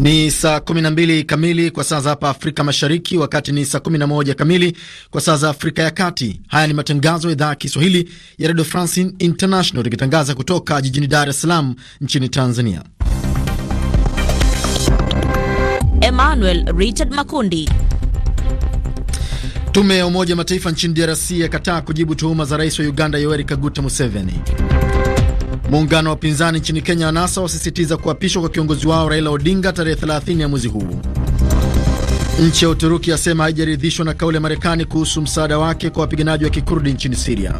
Ni saa 12 kamili kwa saa za hapa Afrika Mashariki, wakati ni saa 11 kamili kwa saa za Afrika ya Kati. Haya ni matangazo ya idhaa ya Kiswahili ya Radio France International, ikitangaza kutoka jijini Dar es Salaam nchini Tanzania. Emmanuel Richard Makundi. Tume ya Umoja Mataifa nchini DRC yakataa kujibu tuhuma za rais wa Uganda Yoweri Kaguta Museveni. Muungano wa upinzani nchini Kenya wa NASA wasisitiza kuapishwa kwa kiongozi wao Raila Odinga tarehe 30 ya mwezi huu. Nchi ya Uturuki yasema haijaridhishwa na kauli ya Marekani kuhusu msaada wake kwa wapiganaji wa Kikurdi nchini Siria.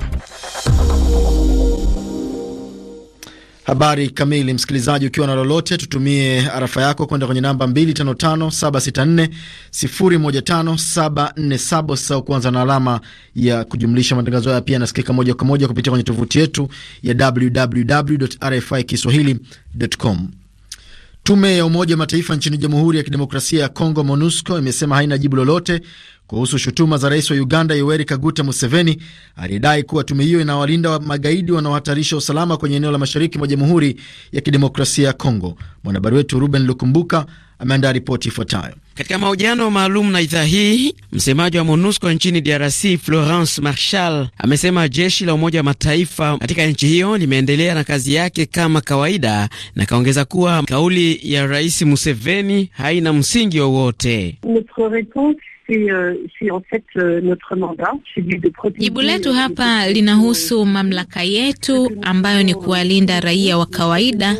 Habari kamili. Msikilizaji, ukiwa na lolote, tutumie arafa yako kwenda kwenye namba 255764015747 kuanza na alama ya kujumlisha. Matangazo haya pia yanasikika moja kwa moja kupitia kwenye tovuti yetu ya www.rfikiswahili.com. Tume ya Umoja wa Mataifa nchini Jamhuri ya Kidemokrasia ya Kongo, MONUSCO, imesema haina jibu lolote kuhusu shutuma za rais wa Uganda Yoweri Kaguta Museveni aliyedai kuwa tume hiyo inawalinda magaidi wanaohatarisha usalama kwenye eneo la mashariki mwa Jamhuri ya Kidemokrasia ya Kongo. Mwanahabari wetu Ruben Lukumbuka ameandaa ripoti ifuatayo. Katika mahojiano maalum na idhaa hii, msemaji wa MONUSCO nchini DRC Florence Marshal amesema jeshi la Umoja wa Mataifa katika nchi hiyo limeendelea na kazi yake kama kawaida, na kaongeza kuwa kauli ya Rais Museveni haina msingi wowote. Euh, euh, Jibu letu hapa linahusu mamlaka yetu ambayo ni kuwalinda raia wa kawaida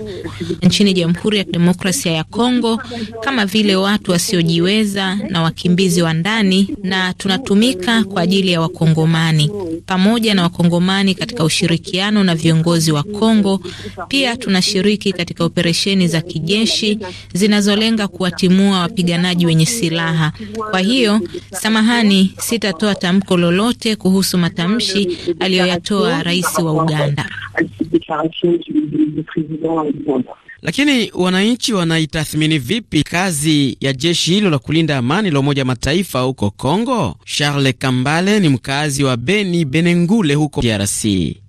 nchini Jamhuri ya Kidemokrasia ya Kongo, kama vile watu wasiojiweza na wakimbizi wa ndani, na tunatumika kwa ajili ya Wakongomani pamoja na Wakongomani katika ushirikiano na viongozi wa Kongo. Pia tunashiriki katika operesheni za kijeshi zinazolenga kuwatimua wapiganaji wenye silaha. Kwa hiyo samahani, sitatoa tamko lolote kuhusu matamshi aliyoyatoa rais wa Uganda. Lakini wananchi wanaitathmini vipi kazi ya jeshi hilo la kulinda amani la Umoja Mataifa huko congo Charles Kambale ni mkazi wa Beni Benengule huko DRC.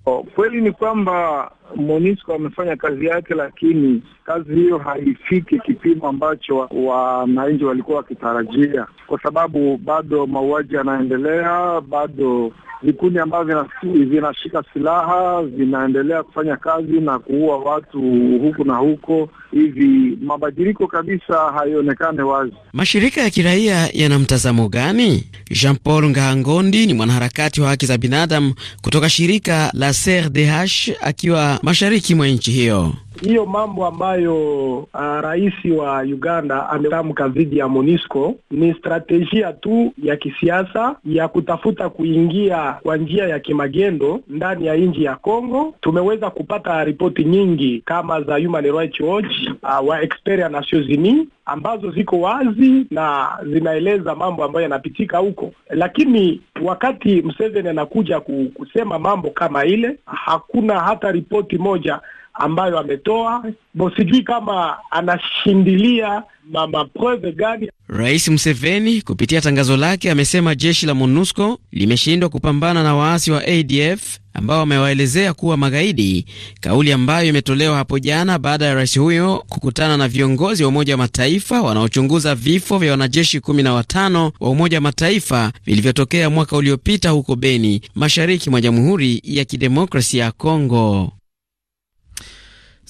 Oh, kweli ni kwamba MONUSCO amefanya kazi yake, lakini kazi hiyo haifiki kipimo ambacho wananchi wa walikuwa wakitarajia, kwa sababu bado mauaji yanaendelea, bado vikundi ambavyo vinashika silaha vinaendelea kufanya kazi na kuua watu huku na huko, hivi mabadiliko kabisa haionekane wazi. Mashirika ya kiraia yana mtazamo gani? Jean Paul Ngangondi ni mwanaharakati wa haki za binadamu kutoka shirika la CRDH akiwa mashariki mwa nchi hiyo hiyo mambo ambayo uh, rais wa Uganda ametamka dhidi ya MONUSCO ni strategia tu ya kisiasa ya kutafuta kuingia kwa njia ya kimagendo ndani ya nchi ya Kongo. Tumeweza kupata ripoti nyingi kama za Human Rights Watch, uh, wa Experts Nations Unies ambazo ziko wazi na zinaeleza mambo ambayo yanapitika huko, lakini wakati Museveni anakuja kusema mambo kama ile, hakuna hata ripoti moja ambayo ametoa bo, sijui kama anashindilia mapreve gani. Rais Museveni kupitia tangazo lake amesema jeshi la MONUSCO limeshindwa kupambana na waasi wa ADF ambao wamewaelezea kuwa magaidi, kauli ambayo imetolewa hapo jana baada ya rais huyo kukutana na viongozi wa Umoja wa Mataifa wanaochunguza vifo vya wanajeshi kumi na watano wa Umoja wa Mataifa vilivyotokea mwaka uliopita huko Beni, mashariki mwa Jamhuri ya Kidemokrasia ya Kongo.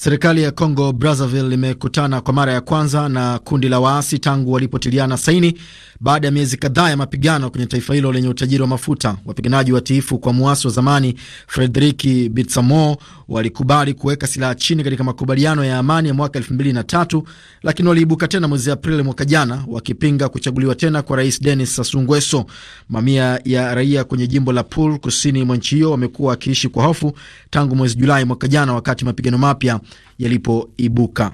Serikali ya Congo Brazzaville imekutana kwa mara ya kwanza na kundi la waasi tangu walipotiliana saini baada ya miezi kadhaa ya mapigano kwenye taifa hilo lenye utajiri wa mafuta. Wapiganaji watiifu kwa muasi wa zamani Frederiki Bitsamo walikubali kuweka silaha chini katika makubaliano ya amani ya mwaka 2003 lakini waliibuka tena mwezi Aprili mwaka jana wakipinga kuchaguliwa tena kwa rais Denis Sassou Nguesso. Mamia ya raia kwenye jimbo la Pool kusini mwa nchi hiyo wamekuwa wakiishi kwa hofu tangu mwezi Julai mwaka jana, wakati mapigano mapya yalipoibuka.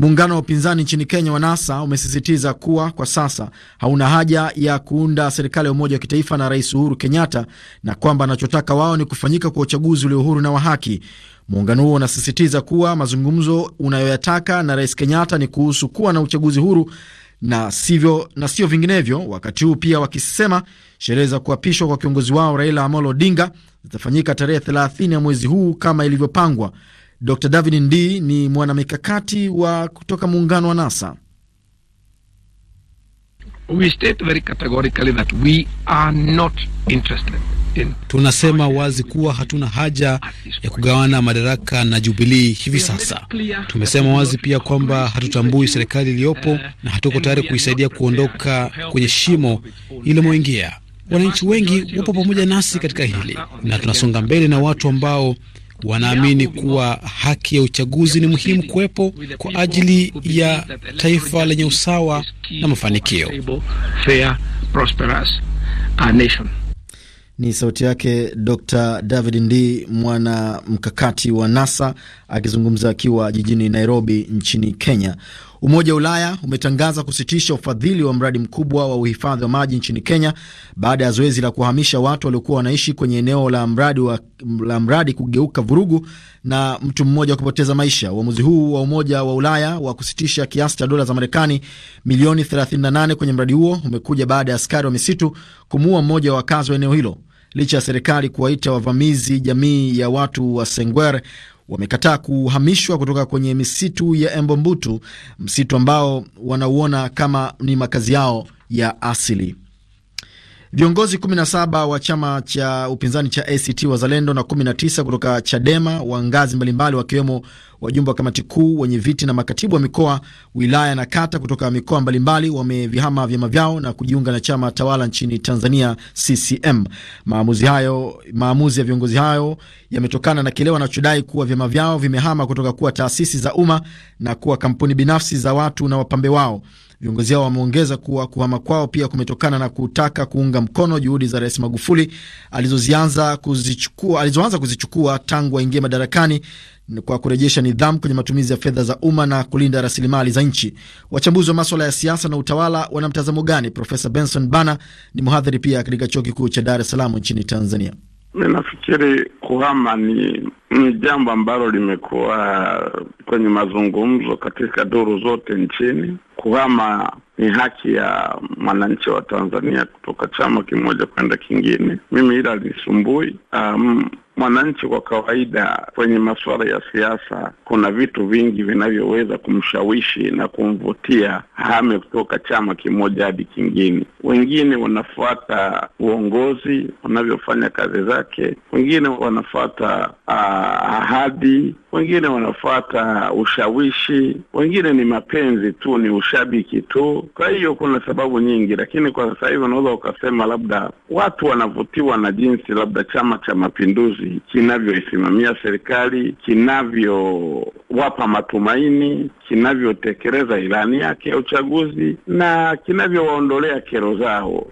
Muungano wa upinzani nchini Kenya wa NASA umesisitiza kuwa kwa sasa hauna haja ya kuunda serikali ya umoja wa kitaifa na Rais Uhuru Kenyatta na kwamba anachotaka wao ni kufanyika kwa uchaguzi ulio huru na wa haki. Muungano huo unasisitiza kuwa mazungumzo unayoyataka na Rais Kenyatta ni kuhusu kuwa na uchaguzi huru na sivyo, na sio vinginevyo, wakati huu pia wakisema sherehe za kuapishwa kwa kiongozi wao Raila Amolo Odinga zitafanyika tarehe 30 ya mwezi huu kama ilivyopangwa. Dr David Ndii ni mwanamikakati wa kutoka muungano wa NASA. tunasema wazi kuwa hatuna haja ya kugawana madaraka na Jubilii hivi sasa. Tumesema wazi pia kwamba hatutambui serikali iliyopo uh, na hatuko tayari kuisaidia kuondoka kwenye shimo ilimoingia. Wananchi wengi wapo pamoja nasi katika hili na tunasonga mbele na watu ambao wanaamini kuwa haki ya uchaguzi ni muhimu kuwepo kwa ajili ya taifa lenye usawa na mafanikio. Ni sauti yake Dr David nd mwana mkakati wa NASA akizungumza akiwa jijini Nairobi nchini Kenya. Umoja wa Ulaya umetangaza kusitisha ufadhili wa mradi mkubwa wa uhifadhi wa maji nchini Kenya baada ya zoezi la kuhamisha watu waliokuwa wanaishi kwenye eneo la mradi, wa, la mradi kugeuka vurugu na mtu mmoja wa kupoteza maisha. Uamuzi huu wa Umoja wa Ulaya wa kusitisha kiasi cha dola za Marekani milioni 38 kwenye mradi huo umekuja baada ya askari wa misitu kumuua mmoja wa wakazi wa eneo hilo licha ya serikali kuwaita wavamizi jamii ya watu wa Sengwer wamekataa kuhamishwa kutoka kwenye misitu ya Embombutu, msitu ambao wanauona kama ni makazi yao ya asili. Viongozi 17 wa chama cha upinzani cha ACT Wazalendo na 19 kutoka Chadema wa ngazi mbalimbali wakiwemo wajumbe wa kamati kuu, wenye viti na makatibu wa mikoa, wilaya na kata kutoka mikoa mbalimbali wamevihama vyama vyao na kujiunga na chama tawala nchini Tanzania, CCM. Maamuzi hayo, maamuzi ya viongozi hayo yametokana na kile wanachodai kuwa vyama vyao vimehama kutoka kuwa taasisi za umma na kuwa kampuni binafsi za watu na wapambe wao. Viongozi hao wameongeza kuwa kuhama kwao pia kumetokana na kutaka kuunga mkono juhudi za Rais Magufuli alizozianza kuzichukua, alizoanza kuzichukua tangu aingie madarakani kwa kurejesha nidhamu kwenye matumizi ya fedha za umma na kulinda rasilimali za nchi. Wachambuzi wa maswala ya siasa na utawala wana mtazamo gani? Profesa Benson Bana ni mhadhiri pia katika chuo kikuu cha Dar es Salaam nchini Tanzania ninafikiri nafikiri kuhama ni ni jambo ambalo limekuwa kwenye mazungumzo katika duru zote nchini. Kuhama ni haki ya mwananchi wa Tanzania kutoka chama kimoja kwenda kingine. Mimi hila lisumbui. Um, mwananchi kwa kawaida kwenye masuala ya siasa, kuna vitu vingi vinavyoweza kumshawishi na kumvutia hame kutoka chama kimoja hadi kingine. Wengine wanafuata uongozi wanavyofanya kazi zake, wengine wanafuata ah, ahadi, wengine wanafuata ushawishi, wengine ni mapenzi tu, ni ushabiki tu. Kwa hiyo kuna sababu nyingi, lakini kwa sasa hivi unaweza ukasema labda watu wanavutiwa na jinsi labda Chama cha Mapinduzi kinavyoisimamia serikali, kinavyowapa matumaini, kinavyotekeleza ilani yake ya uchaguzi na kinavyowaondolea kero zao.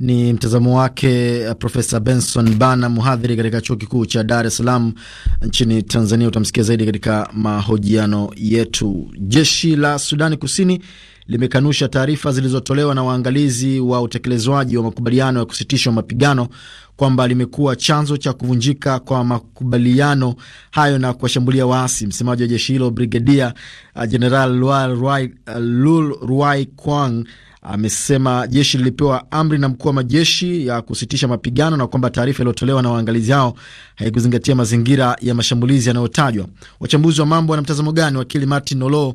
Ni mtazamo wake eh, Profesa Benson Bana, mhadhiri katika chuo kikuu cha Dar es Salaam nchini Tanzania. Utamsikia zaidi katika mahojiano yetu. Jeshi la Sudani Kusini limekanusha taarifa zilizotolewa na waangalizi wa utekelezwaji wa makubaliano ya kusitishwa mapigano kwamba limekuwa chanzo cha kuvunjika kwa makubaliano hayo na kuwashambulia waasi. Msemaji wa jeshi hilo brigedia Jeneral uh, uh, Lul Ruai Kwang amesema jeshi lilipewa amri na mkuu wa majeshi ya kusitisha mapigano na kwamba taarifa iliyotolewa na waangalizi hao haikuzingatia mazingira ya mashambulizi yanayotajwa. Wachambuzi wa mambo wana mtazamo gani? Wakili Martin Olo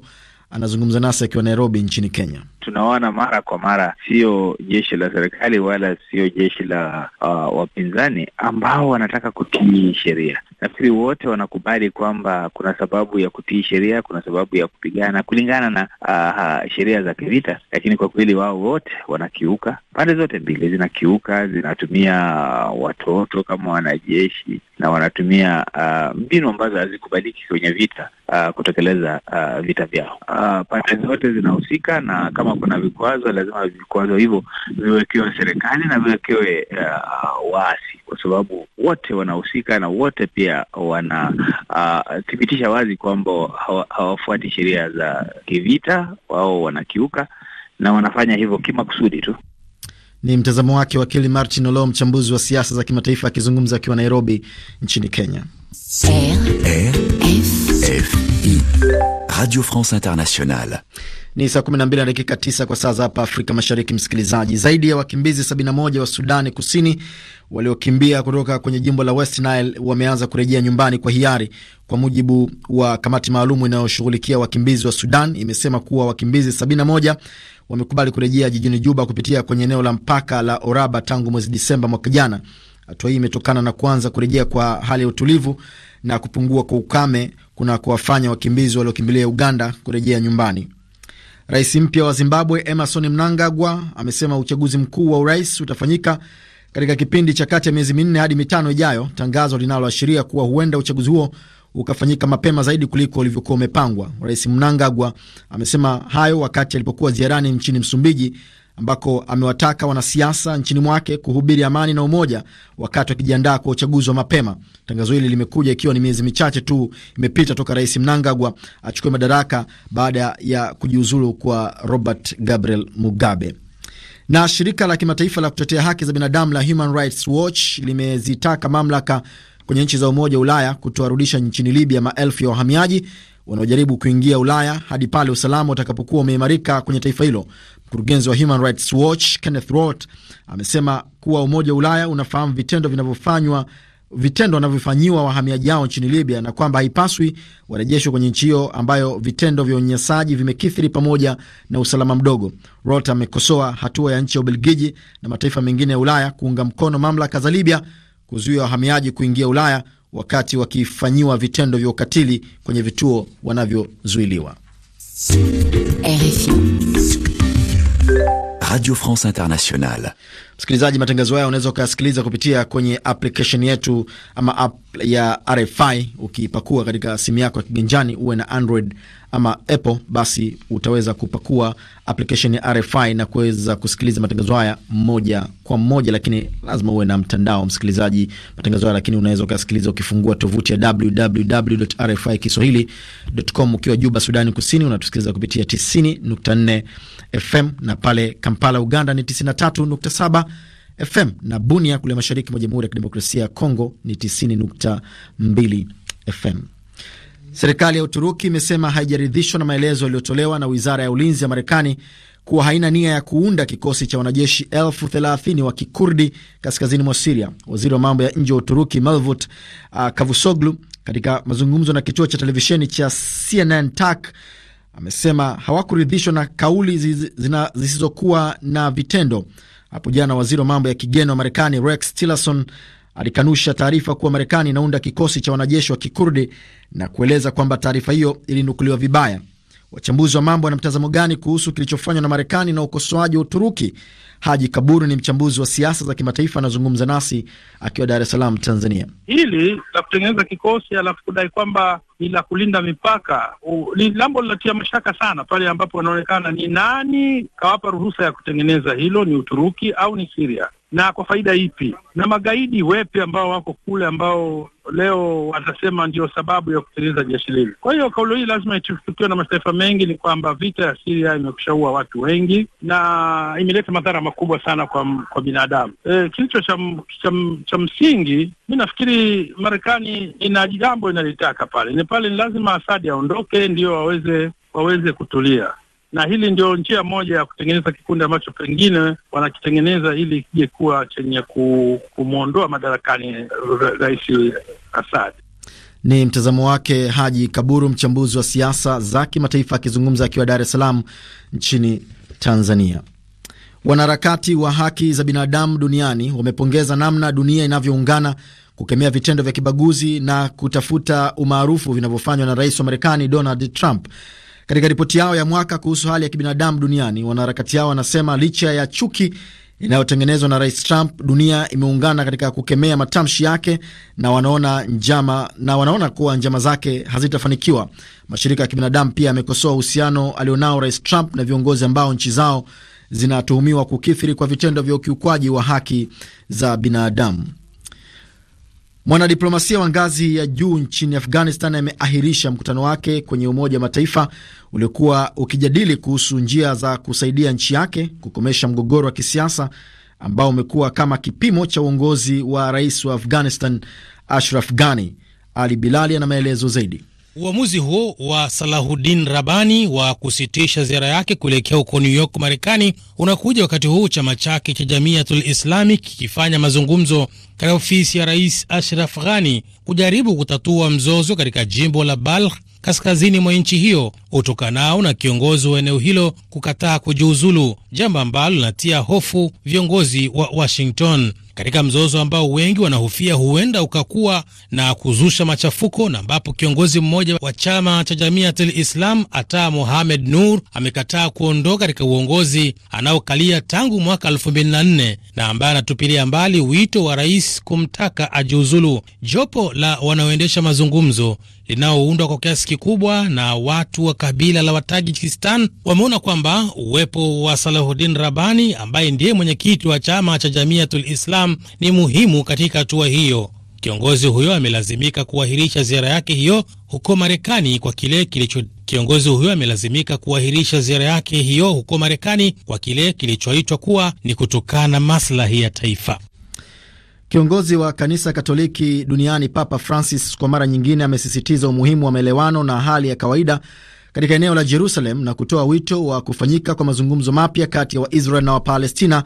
anazungumza nasi akiwa Nairobi nchini Kenya tunaona mara kwa mara, sio jeshi la serikali wala sio jeshi la uh, wapinzani ambao wanataka kutii sheria. Nafikiri wote wanakubali kwamba kuna sababu ya kutii sheria, kuna sababu ya kupigana kulingana na uh, sheria za kivita, lakini kwa kweli wao wote wanakiuka. Pande zote mbili zinakiuka, zinatumia uh, watoto kama wanajeshi na wanatumia uh, mbinu ambazo hazikubaliki kwenye vita uh, kutekeleza uh, vita vyao. Uh, pande zote zinahusika na kama kuna vikwazo, lazima vikwazo hivyo viwekewe serikali na viwekewe uh, waasi, kwa sababu wote wanahusika na wote pia wanathibitisha uh, wazi kwamba hawafuati sheria za kivita, wao wanakiuka na wanafanya hivyo kimakusudi tu. Ni mtazamo wake wakili Martin Olo, mchambuzi wa siasa za kimataifa, akizungumza akiwa Nairobi nchini Kenya. Radio France Internationale. Ni saa 12 na dakika 9 kwa saa za hapa Afrika Mashariki. Msikilizaji, zaidi ya wakimbizi 71 wa Sudani Kusini waliokimbia kutoka kwenye jimbo la West Nile wameanza kurejea nyumbani kwa hiari, kwa mujibu wa kamati maalum inayoshughulikia wakimbizi wa Sudan. Imesema kuwa wakimbizi 71 wamekubali kurejea jijini Juba kupitia kwenye eneo la mpaka la Oraba tangu mwezi Disemba mwaka jana. Hatua hii imetokana na kuanza kurejea kwa hali ya utulivu na kupungua kwa ukame kuna kuwafanya wakimbizi waliokimbilia Uganda kurejea nyumbani. Rais mpya wa Zimbabwe Emerson Mnangagwa amesema uchaguzi mkuu wa urais utafanyika katika kipindi cha kati ya miezi minne hadi mitano ijayo, tangazo linaloashiria kuwa huenda uchaguzi huo ukafanyika mapema zaidi kuliko ulivyokuwa umepangwa. Rais Mnangagwa amesema hayo wakati alipokuwa ziarani nchini Msumbiji ambako amewataka wanasiasa nchini mwake kuhubiri amani na umoja wakati wakijiandaa kwa uchaguzi wa mapema. Tangazo hili limekuja ikiwa ni miezi michache tu imepita toka Rais Mnangagwa achukue madaraka baada ya kujiuzulu kwa Robert Gabriel Mugabe. Na shirika la kimataifa la kutetea haki za binadamu la Human Rights Watch limezitaka mamlaka kwenye nchi za Umoja wa Ulaya kutowarudisha nchini Libya maelfu ya wahamiaji wanaojaribu kuingia Ulaya hadi pale usalama utakapokuwa umeimarika kwenye taifa hilo. Mkurugenzi wa Human Rights Watch Kenneth Roth amesema kuwa Umoja wa Ulaya unafahamu vitendo vinavyofanywa vitendo wanavyofanyiwa wahamiaji hao nchini Libya na kwamba haipaswi warejeshwe kwenye nchi hiyo ambayo vitendo vya unyanyasaji vimekithiri pamoja na usalama mdogo. Rot amekosoa hatua ya nchi ya Ubelgiji na mataifa mengine ya Ulaya kuunga mkono mamlaka za Libya kuzuia wahamiaji kuingia Ulaya wakati wakifanyiwa vitendo vya ukatili kwenye vituo wanavyozuiliwa. Radio France Internationale. Msikilizaji, matangazo haya unaweza ukayasikiliza kupitia kwenye application yetu ama app ya RFI ukipakua katika simu yako ya kiganjani, uwe na Android ama Apple, basi utaweza kupakua application ya RFI na kuweza kusikiliza matangazo haya moja kwa moja, lakini lazima uwe na mtandao, msikilizaji, matangazo haya, lakini unaweza ukasikiliza ukifungua tovuti ya www.rfikiswahili.com. kiswahili.com ukiwa Juba, Sudani Kusini, unatusikiliza kupitia 90.4 FM na pale Kampala, Uganda ni 93.7 FM na Bunia kule mashariki mwa Jamhuri ya Kidemokrasia ya Kongo ni 90.2 FM. Serikali ya Uturuki imesema haijaridhishwa na maelezo yaliyotolewa na wizara ya ulinzi ya Marekani kuwa haina nia ya kuunda kikosi cha wanajeshi elfu thelathini wa kikurdi kaskazini mwa Siria. Waziri wa mambo ya nje wa Uturuki Mevlut uh, Cavusoglu, katika mazungumzo na kituo cha televisheni cha CNN TAK, amesema hawakuridhishwa na kauli zisizokuwa na vitendo. Hapo jana waziri wa mambo ya kigeni wa Marekani Rex Tillerson alikanusha taarifa kuwa Marekani inaunda kikosi cha wanajeshi wa Kikurdi na kueleza kwamba taarifa hiyo ilinukuliwa vibaya. Wachambuzi wa mambo wana mtazamo gani kuhusu kilichofanywa na Marekani na ukosoaji wa Uturuki? Haji Kaburu ni mchambuzi wa siasa za kimataifa, anazungumza nasi akiwa Dar es Salaam, Tanzania. Hili la kutengeneza kikosi alafu kudai kwamba ni la kulinda mipaka ni jambo linatia mashaka sana, pale ambapo wanaonekana ni nani kawapa ruhusa ya kutengeneza hilo, ni Uturuki au ni Siria? na kwa faida ipi? Na magaidi wepe ambao wako kule, ambao leo watasema ndio sababu ya kutengeneza jeshi lile. Kwa hiyo kauli hii lazima ichukuliwe na mataifa mengi, ni kwamba vita ya siria imekushaua watu wengi na imeleta madhara makubwa sana kwa kwa binadamu. E, kilicho cha msingi, mi nafikiri Marekani ina jambo inalitaka pale ni pale, ni lazima Asadi aondoke ndio waweze waweze kutulia na hili ndio njia moja ya kutengeneza kikundi ambacho pengine wanakitengeneza ili kije kuwa chenye kumwondoa madarakani Rais Assad. Ni mtazamo wake Haji Kaburu, mchambuzi wa siasa za kimataifa, akizungumza akiwa Dar es Salaam nchini Tanzania. Wanaharakati wa haki za binadamu duniani wamepongeza namna dunia inavyoungana kukemea vitendo vya kibaguzi na kutafuta umaarufu vinavyofanywa na rais wa Marekani Donald Trump. Katika ripoti yao ya mwaka kuhusu hali ya kibinadamu duniani, wanaharakati hao wanasema licha ya chuki inayotengenezwa na Rais Trump, dunia imeungana katika kukemea matamshi yake na wanaona njama, na wanaona kuwa njama zake hazitafanikiwa. Mashirika ya kibinadamu pia yamekosoa uhusiano alionao Rais Trump na viongozi ambao nchi zao zinatuhumiwa kukithiri kwa vitendo vya ukiukwaji wa haki za binadamu. Mwanadiplomasia wa ngazi ya juu nchini Afghanistan ameahirisha mkutano wake kwenye Umoja wa Mataifa uliokuwa ukijadili kuhusu njia za kusaidia nchi yake kukomesha mgogoro wa kisiasa ambao umekuwa kama kipimo cha uongozi wa rais wa Afghanistan Ashraf Ghani. Ali Bilali ana maelezo zaidi. Uamuzi huo wa Salahuddin Rabani wa kusitisha ziara yake kuelekea huko New York, Marekani, unakuja wakati huu chama chake cha Jamiatul Islami kikifanya mazungumzo katika ofisi ya Rais Ashraf Ghani kujaribu kutatua mzozo katika jimbo la Balkh kaskazini mwa nchi hiyo utokanao na kiongozi wa eneo hilo kukataa kujiuzulu, jambo ambalo linatia hofu viongozi wa Washington katika mzozo ambao wengi wanahofia huenda ukakuwa na kuzusha machafuko na ambapo kiongozi mmoja wa chama cha Jamiatul Islam Ata Mohamed Nur amekataa kuondoka katika uongozi anaokalia tangu mwaka 2004 na ambaye anatupilia mbali wito wa rais kumtaka ajiuzulu. Jopo la wanaoendesha mazungumzo linaoundwa kwa kiasi kikubwa na watu wa kabila la Watajikistan wameona kwamba uwepo wa Salahuddin Rabani ambaye ndiye mwenyekiti wa chama cha Jamiatul Islam ni muhimu katika hatua hiyo. Kiongozi huyo amelazimika kuahirisha ziara yake hiyo huko Marekani kwa kile kilicho kiongozi huyo amelazimika kuahirisha ziara yake hiyo huko Marekani kwa kile kilichoitwa kuwa ni kutokana maslahi ya taifa. Kiongozi wa kanisa Katoliki duniani Papa Francis kwa mara nyingine amesisitiza umuhimu wa maelewano na hali ya kawaida katika eneo la Jerusalem na kutoa wito wa kufanyika kwa mazungumzo mapya kati ya Waisrael na Wapalestina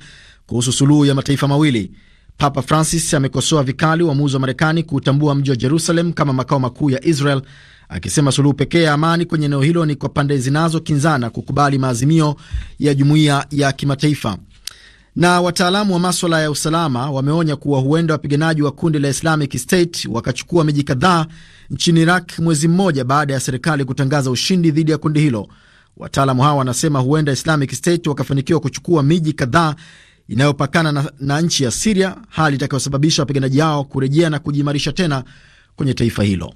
kuhusu suluhu ya mataifa mawili. Papa Francis amekosoa vikali uamuzi wa Marekani kuutambua mji wa Jerusalem kama makao makuu ya Israel, akisema suluhu pekee ya amani kwenye eneo hilo ni kwa pande zinazokinzana kukubali maazimio ya jumuiya ya kimataifa na wataalamu wa maswala ya usalama wameonya kuwa huenda wapiganaji wa kundi la Islamic State wakachukua miji kadhaa nchini Iraq mwezi mmoja baada ya serikali kutangaza ushindi dhidi ya kundi hilo. Wataalamu hawa wanasema huenda Islamic State wakafanikiwa kuchukua miji kadhaa inayopakana na, na nchi ya Siria, hali itakayosababisha wapiganaji hao kurejea na kujiimarisha tena kwenye taifa hilo.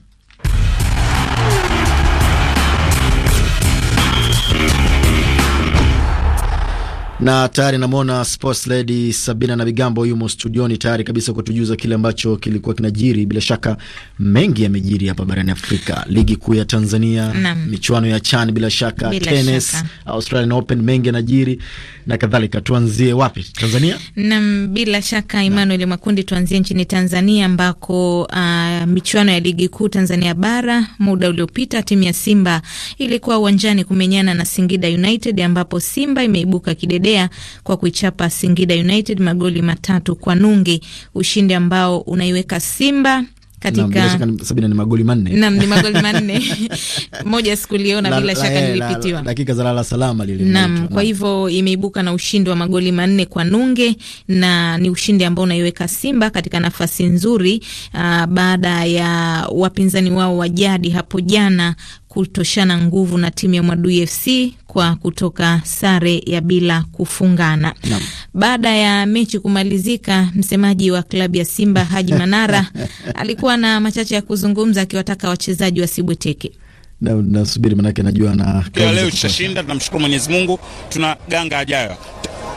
na tayari namwona sports lady Sabina na Bigambo yumo studioni tayari kabisa kutujuza kile ambacho kilikuwa kinajiri. Bila shaka mengi yamejiri hapa barani Afrika, ligi kuu ya Tanzania michuano ya CHAN bila shaka, bila tenis, Australian Open, mengi yanajiri na kadhalika. Tuanzie wapi? Tanzania? Naam, bila shaka Emmanuel Makundi, tuanzie nchini Tanzania ambako uh, michuano ya ligi kuu Tanzania bara muda uliopita timu ya Simba ilikuwa uwanjani kumenyana na Singida United ambapo Simba imeibuka kidedea kwa kuichapa Singida United magoli matatu kwa nunge, ushindi ambao unaiweka Simba katika sabini ni magoli manne nam ni magoli manne moja sikuliona bila shaka nilipitiwa dakika za lala salama lile nam. Kwa hivyo imeibuka na ushindi wa magoli manne kwa nunge, na ni ushindi ambao unaiweka Simba katika nafasi nzuri, uh, baada ya wapinzani wao wa jadi hapo jana kutoshana nguvu na timu ya Mwadui FC kwa kutoka sare ya bila kufungana. No. Baada ya mechi kumalizika, msemaji wa klabu ya Simba Haji Manara alikuwa na machache ya kuzungumza, akiwataka wachezaji wasibweteke. Nasubiri na manake najua na leo tutashinda, tunamshukuru Mwenyezi Mungu, tuna ganga ajayo.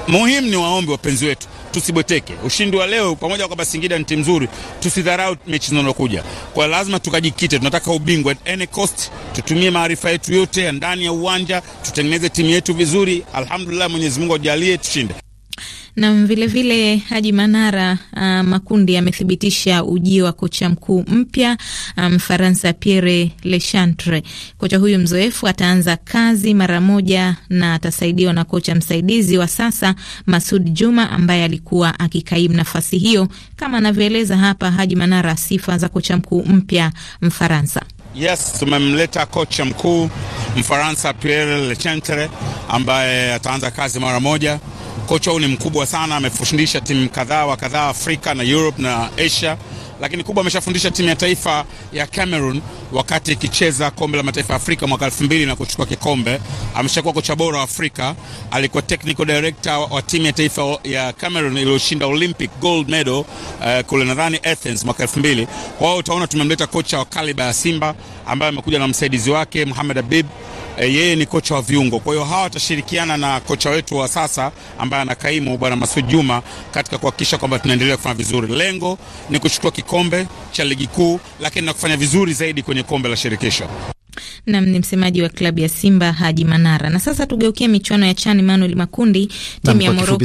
Muhimu ni waombe wapenzi wetu tusibweteke. Ushindi wa leo pamoja kwamba Singida ni timu nzuri, tusidharau mechi zinazokuja, kwa lazima tukajikite. Tunataka ubingwa at any cost, tutumie maarifa yetu yote ndani ya uwanja, tutengeneze timu yetu vizuri. Alhamdulillah, Mwenyezi Mungu ajalie tushinde vile vilevile, Haji Manara uh, Makundi amethibitisha ujio wa kocha mkuu mpya Mfaransa um, Pierre Lechantre. Kocha huyu mzoefu ataanza kazi mara moja na atasaidiwa na kocha msaidizi wa sasa Masud Juma ambaye alikuwa akikaimu nafasi hiyo, kama anavyoeleza hapa Haji Manara sifa za kocha mkuu mpya Mfaransa. Yes, tumemleta kocha mkuu Mfaransa Pierre Lechantre ambaye ataanza kazi mara moja Kocha huyu ni mkubwa sana, amefundisha timu kadhaa wa kadhaa Afrika na Europe na Asia, lakini kubwa ameshafundisha timu ya taifa ya Cameroon wakati ikicheza kombe la mataifa ya Afrika mwaka 2000 na kuchukua kikombe. Ameshakuwa kocha bora wa Afrika, alikuwa technical director wa timu ya taifa ya Cameroon iliyoshinda Olympic gold medal uh, kule nadhani Athens mwaka 2000. Kwa hiyo utaona tumemleta kocha wa kaliba ya Simba ambaye amekuja na msaidizi wake Muhammad Habib. E, yeye ni kocha wa viungo. Kwa hiyo hawa watashirikiana na kocha wetu wa sasa ambaye anakaimu bwana Masud Juma katika kuhakikisha kwamba tunaendelea kufanya vizuri. Lengo ni kuchukua kikombe cha ligi kuu, lakini na kufanya vizuri zaidi kwenye kwenye kombe la shirikisho. Nam ni msemaji wa klabu ya Simba Haji Manara. Na sasa tugeukie michuano ya Chani Manuel Makundi. Timu ya Moroko,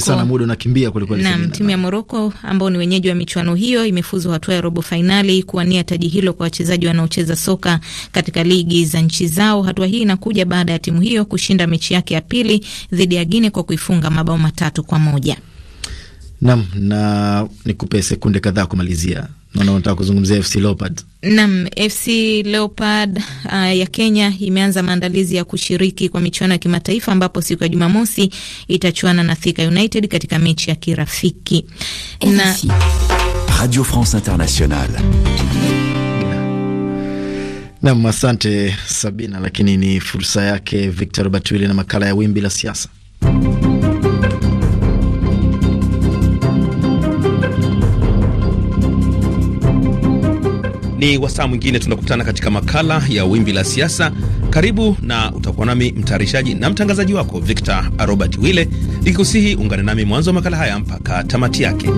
nam timu ya Moroko ambao ni wenyeji wa michuano hiyo imefuzu hatua ya robo fainali kuwania taji hilo kwa wachezaji wanaocheza soka katika ligi za nchi zao. Hatua hii inakuja baada ya timu hiyo kushinda mechi yake ya pili dhidi ya Guine kwa kuifunga mabao matatu kwa moja. Nam na nikupe sekunde kadhaa kumalizia naona unataka kuzungumzia FC Leopard. Naam, FC Leopard uh, ya Kenya imeanza maandalizi ya kushiriki kwa michuano ya kimataifa ambapo siku ya Jumamosi itachuana na Thika United katika mechi ya kirafiki na Radio France Internationale. Nam, asante Sabina, lakini ni fursa yake Victor Batwili na makala ya wimbi la siasa. Ni wasaa mwingine tunakutana katika makala ya wimbi la siasa. Karibu na utakuwa nami mtayarishaji na mtangazaji wako Victor Robert Wille, nikikusihi ungane nami mwanzo wa makala haya mpaka tamati yake.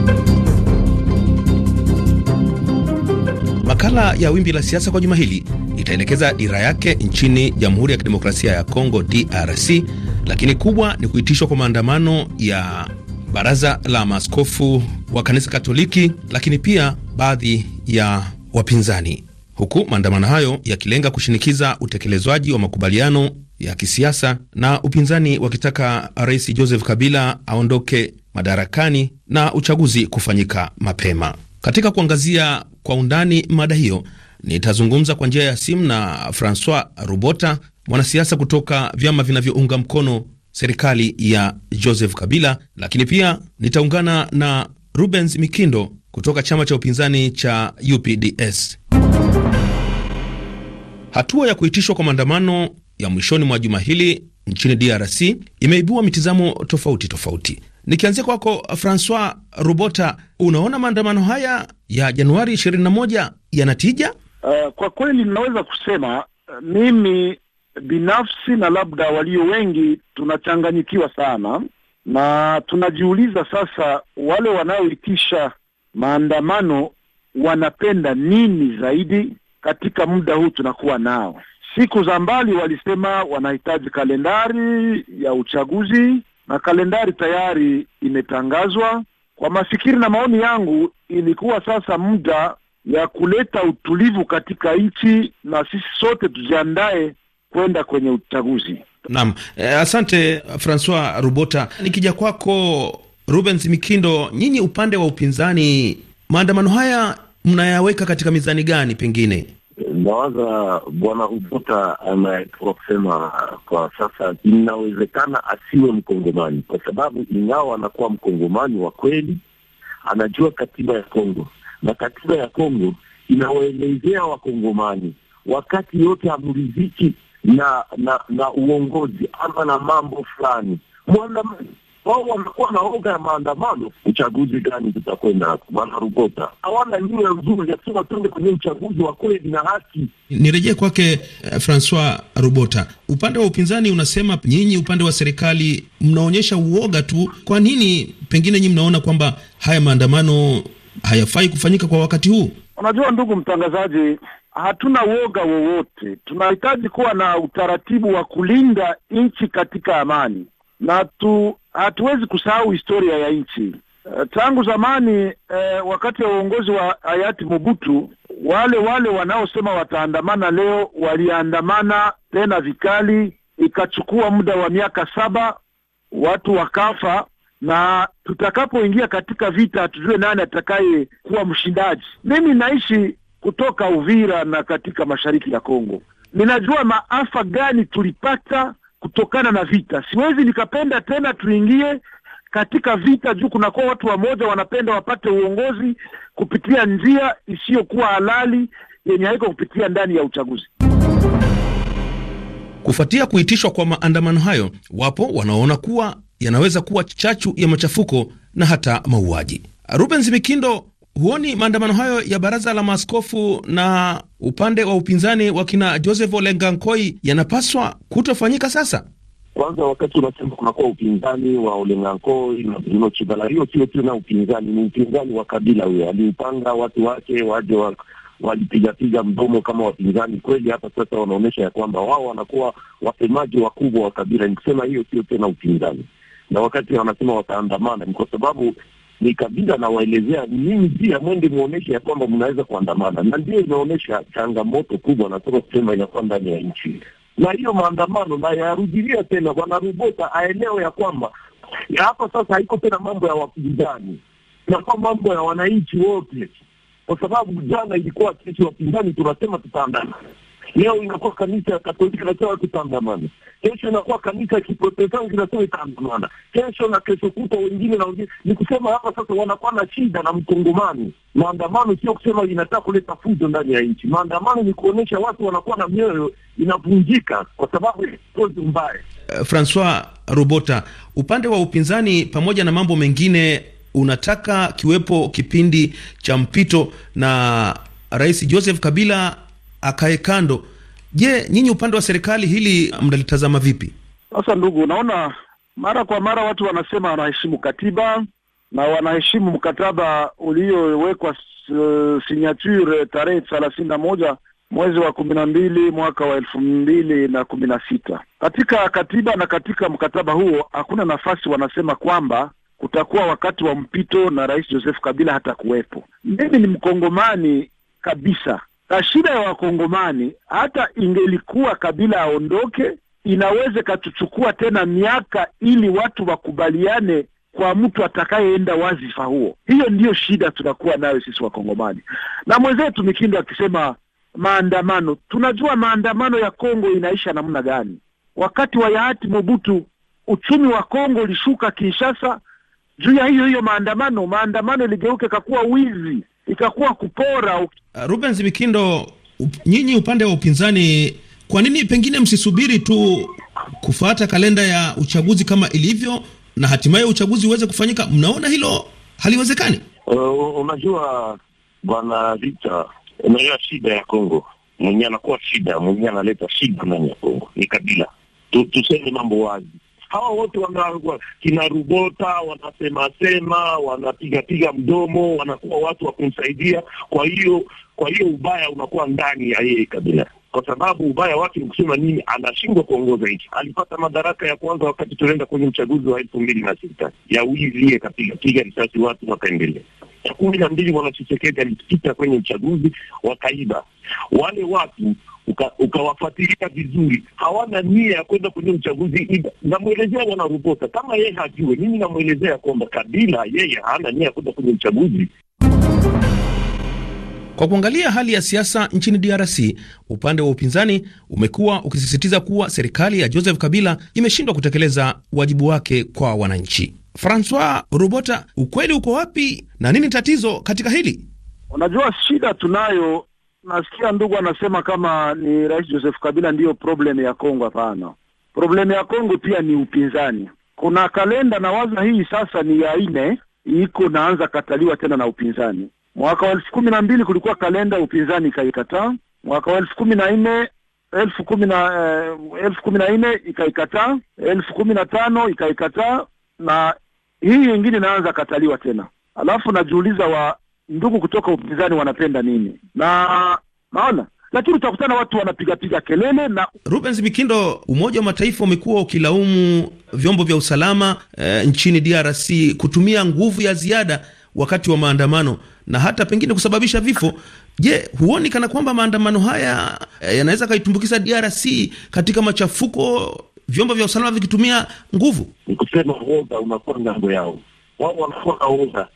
Makala ya wimbi la siasa kwa juma hili itaelekeza dira yake nchini Jamhuri ya Kidemokrasia ya Kongo, DRC, lakini kubwa ni kuitishwa kwa maandamano ya baraza la maaskofu wa kanisa Katoliki, lakini pia baadhi ya wapinzani, huku maandamano hayo yakilenga kushinikiza utekelezwaji wa makubaliano ya kisiasa na upinzani wakitaka Rais Joseph Kabila aondoke madarakani na uchaguzi kufanyika mapema. Katika kuangazia kwa undani mada hiyo, nitazungumza kwa njia ya simu na Francois Rubota, mwanasiasa kutoka vyama vinavyounga mkono serikali ya Joseph Kabila, lakini pia nitaungana na Rubens Mikindo kutoka chama cha upinzani cha UPDS. Hatua ya kuitishwa kwa maandamano ya mwishoni mwa juma hili nchini DRC imeibua mitizamo tofauti tofauti. Nikianzia kwako Francois Rubota, unaona maandamano haya ya Januari 21 yanatija? Uh, kwa kweli ninaweza kusema eh, mimi binafsi na labda walio wengi tunachanganyikiwa sana na tunajiuliza sasa, wale wanaoitisha maandamano wanapenda nini zaidi katika muda huu tunakuwa nao. Siku za mbali walisema wanahitaji kalendari ya uchaguzi, na kalendari tayari imetangazwa. Kwa mafikiri na maoni yangu, ilikuwa sasa muda ya kuleta utulivu katika nchi, na sisi sote tujiandae kwenda kwenye uchaguzi. Naam, eh, asante Francois Rubota. Nikija kwako Rubens Mikindo, nyinyi upande wa upinzani, maandamano haya mnayaweka katika mizani gani? Pengine nawaza bwana Ubuta anayetoka kusema kwa sasa, inawezekana asiwe Mkongomani kwa sababu ingawa anakuwa Mkongomani wa kweli, anajua katiba ya Kongo na katiba ya Kongo inawaelezea Wakongomani wakati yote amriziki na, na na uongozi ama na mambo fulani, mwandamani wao wamekuwa na oga ya maandamano. Uchaguzi gani tutakwenda? Bwana hawana nia nzuri ya kusema tuende kwenye uchaguzi wa kweli na haki. Nirejee kwake uh, Francois Rubota. Upande wa upinzani unasema nyinyi, upande wa serikali mnaonyesha uoga tu. Kwa nini pengine nyinyi mnaona kwamba haya maandamano hayafai kufanyika kwa wakati huu? Unajua ndugu mtangazaji, hatuna uoga wowote. Tunahitaji kuwa na utaratibu wa kulinda nchi katika amani na tu hatuwezi kusahau historia ya nchi eh, tangu zamani eh, wakati wa uongozi wa hayati Mobutu, wale wale wanaosema wataandamana leo waliandamana tena vikali, ikachukua muda wa miaka saba, watu wakafa. Na tutakapoingia katika vita, hatujue nani atakaye kuwa mshindaji. Mimi naishi kutoka Uvira na katika mashariki ya Kongo, ninajua maafa gani tulipata kutokana na vita. Siwezi nikapenda tena tuingie katika vita juu kunakuwa watu wamoja wanapenda wapate uongozi kupitia njia isiyokuwa halali yenye haiko kupitia ndani ya uchaguzi. Kufuatia kuitishwa kwa maandamano hayo, wapo wanaona kuwa yanaweza kuwa chachu ya machafuko na hata mauaji. Rubens Mikindo Huoni maandamano hayo ya baraza la maaskofu na upande wa upinzani wa kina Joseph Olengankoi yanapaswa kutofanyika sasa? Kwanza wakati unasema kunakuwa upinzani wa Olengankoi na Bruno Chibala, hiyo sio tena upinzani, ni upinzani wa kabila. Huyo aliupanga watu wake waje wa walipigapiga mdomo kama wapinzani kweli. Hapa sasa wanaonyesha ya kwamba wao wanakuwa wasemaji wakubwa wa kabila. nikusema hiyo sio tena upinzani, na wakati wanasema wataandamana, ni kwa sababu ni nikabida nawaelezea nini, pia mwende muoneshe ya kwamba mnaweza kuandamana, na ndio inaonyesha changamoto kubwa natoka kusema inakuwa ndani ya nchi, na hiyo maandamano nayarudilia tena. Bwana Rubota aelewe ya kwamba hapa sasa haiko tena mambo ya wapinzani, inakuwa mambo ya wananchi wote, kwa sababu jana ilikuwa sisi wapinzani tunasema tutaandamana Leo inakuwa kanisa ya Katoliki inasema tutaandamana, kesho inakuwa kanisa ya Kiprotestanti inasema itaandamana, kesho na kesho kutwa wengine na wengine. Ni kusema hapa sasa wanakuwa na shida na Mkongomani. Maandamano sio kusema inataka kuleta fujo ndani ya nchi. Maandamano ni kuonyesha watu wanakuwa na mioyo inavunjika kwa sababu kozi mbaya. Uh, Francois Robota, upande wa upinzani pamoja na mambo mengine unataka kiwepo kipindi cha mpito na Rais Joseph Kabila akae kando. Je, nyinyi upande wa serikali hili mnalitazama vipi? Sasa ndugu, unaona mara kwa mara watu wanasema wanaheshimu katiba na wanaheshimu mkataba uliowekwa uh, signature tarehe thelathini na moja mwezi wa kumi na mbili mwaka wa elfu mbili na kumi na sita. Katika katiba na katika mkataba huo hakuna nafasi wanasema kwamba kutakuwa wakati wa mpito na Rais Joseph Kabila hatakuwepo. Mimi ni mkongomani kabisa na shida ya Wakongomani, hata ingelikuwa Kabila aondoke, inaweza katuchukua tena miaka ili watu wakubaliane kwa mtu atakayeenda wazifa huo. Hiyo ndiyo shida tunakuwa nayo sisi Wakongomani. Na mwenzetu Mikindo akisema maandamano, tunajua maandamano ya Kongo inaisha namna gani. Wakati wa hayati Mobutu uchumi wa Kongo ulishuka Kinshasa juu ya hiyo hiyo maandamano. Maandamano iligeuka kakuwa wizi, itakuwa kupora. Uh, Rubens Mikindo, nyinyi upande wa upinzani, kwa nini pengine msisubiri tu kufuata kalenda ya uchaguzi kama ilivyo na hatimaye uchaguzi uweze kufanyika? Mnaona hilo haliwezekani? Uh, unajua bwana vita unajua shida ya Kongo mwenye anakuwa shida mwenye analeta shida ndani ya Kongo ni kabila tu, tuseme mambo wazi hawa wote wana kina Rubota wanasemasema, wanapigapiga mdomo, wanakuwa watu wa kumsaidia. Kwa hiyo kwa hiyo ubaya unakuwa ndani ya yeye kabila kwa sababu ubaya wake ni kusema nini, anashindwa kuongoza nchi. Alipata madaraka ya kwanza wakati tunaenda kwenye uchaguzi wa elfu mbili na sita ya wizi, kapiga piga risasi watu wakaendelea. Ya kumi na mbili bwana alipita kwenye uchaguzi wakaiba wale watu ukawafuatilia uka vizuri. Hawana nia ya kwenda kwenye uchaguzi. Namwelezea bwana rubota kama yeye hajue, mimi namwelezea kwamba Kabila yeye hana nia ya kwenda kwenye uchaguzi. Kwa kuangalia hali ya siasa nchini DRC, upande wa upinzani umekuwa ukisisitiza kuwa serikali ya Joseph Kabila imeshindwa kutekeleza wajibu wake kwa wananchi. Francois Rubota, ukweli uko wapi na nini tatizo katika hili? Unajua, shida tunayo nasikia ndugu anasema kama ni Rais Joseph Kabila ndiyo problem ya Kongo. Hapana, problem ya Kongo pia ni upinzani. Kuna kalenda na waza hii sasa ni ya nne iko naanza kataliwa tena na upinzani. Mwaka wa elfu kumi na mbili kulikuwa kalenda upinzani ikaikataa, mwaka wa elfu kumi na nne elfu kumi na eh, elfu kumi na nne ikaikataa, elfu kumi na tano ikaikataa, na hii ingine inaanza kataliwa tena. Alafu najiuliza wa ndugu kutoka upinzani wanapenda nini na naona lakini utakutana watu wanapigapiga kelele na Rubens Mikindo. Umoja wa Mataifa umekuwa ukilaumu vyombo vya usalama e, nchini DRC kutumia nguvu ya ziada wakati wa maandamano na hata pengine kusababisha vifo. Je, huoni kana kwamba maandamano haya e, yanaweza kaitumbukiza DRC katika machafuko, vyombo vya usalama vikitumia nguvu? Ni kusema uoga unakuwa ngambo yao, wao wanakuwa na uoga.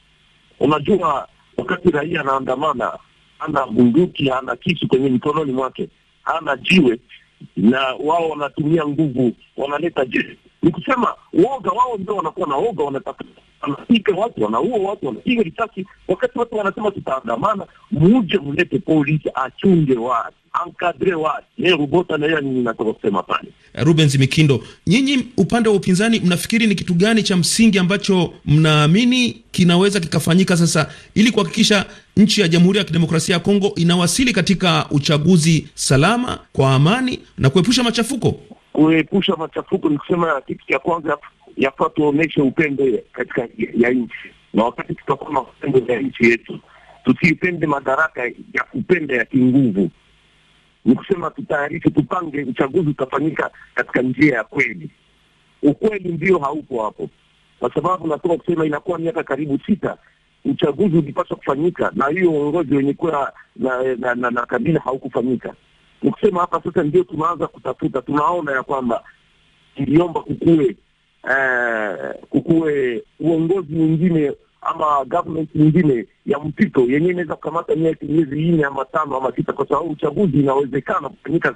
Unajua wakati raia anaandamana, hana bunduki, ana kisu kwenye mikononi mwake, ana jiwe, na wao wanatumia nguvu, wanaleta jeshi. Ni kusema woga, wao ndio wanakuwa na woga, wanataka anapiga watu, wanaua watu, wanapiga risasi, wakati watu wanasema tutaandamana, muje mlete polisi achunge watu ankadre watu. Ye rubota na yeye ninatoka kusema pale. Eh, Rubens Mikindo, nyinyi upande wa upinzani mnafikiri ni kitu gani cha msingi ambacho mnaamini kinaweza kikafanyika sasa ili kuhakikisha nchi ya Jamhuri ya Kidemokrasia ya Kongo inawasili katika uchaguzi salama kwa amani na kuepusha machafuko? Kuepusha machafuko ni kusema kitu cha kwanza yafaa tuonyeshe upendo katika ya, ya nchi, na wakati tutakuwa na upendo ya nchi yetu, tusiipende madaraka ya kupenda ya kinguvu. Ni kusema tutayarishe, tupange uchaguzi utafanyika katika njia ya kweli. Ukweli ndio haupo hapo, kwa sababu natoka kusema inakuwa miaka karibu sita uchaguzi ulipaswa kufanyika na hiyo uongozi wenye kuwa na, na, na, na, na kabila haukufanyika. Ni kusema hapa sasa ndio tunaanza kutafuta, tunaona ya kwamba tuliomba kukuwe eh, kukuwe uongozi mwingine ama government nyingine ya mpito yenyewe inaweza kukamata miezi nne ama tano ama sita, kwa sababu uchaguzi inawezekana kufanyika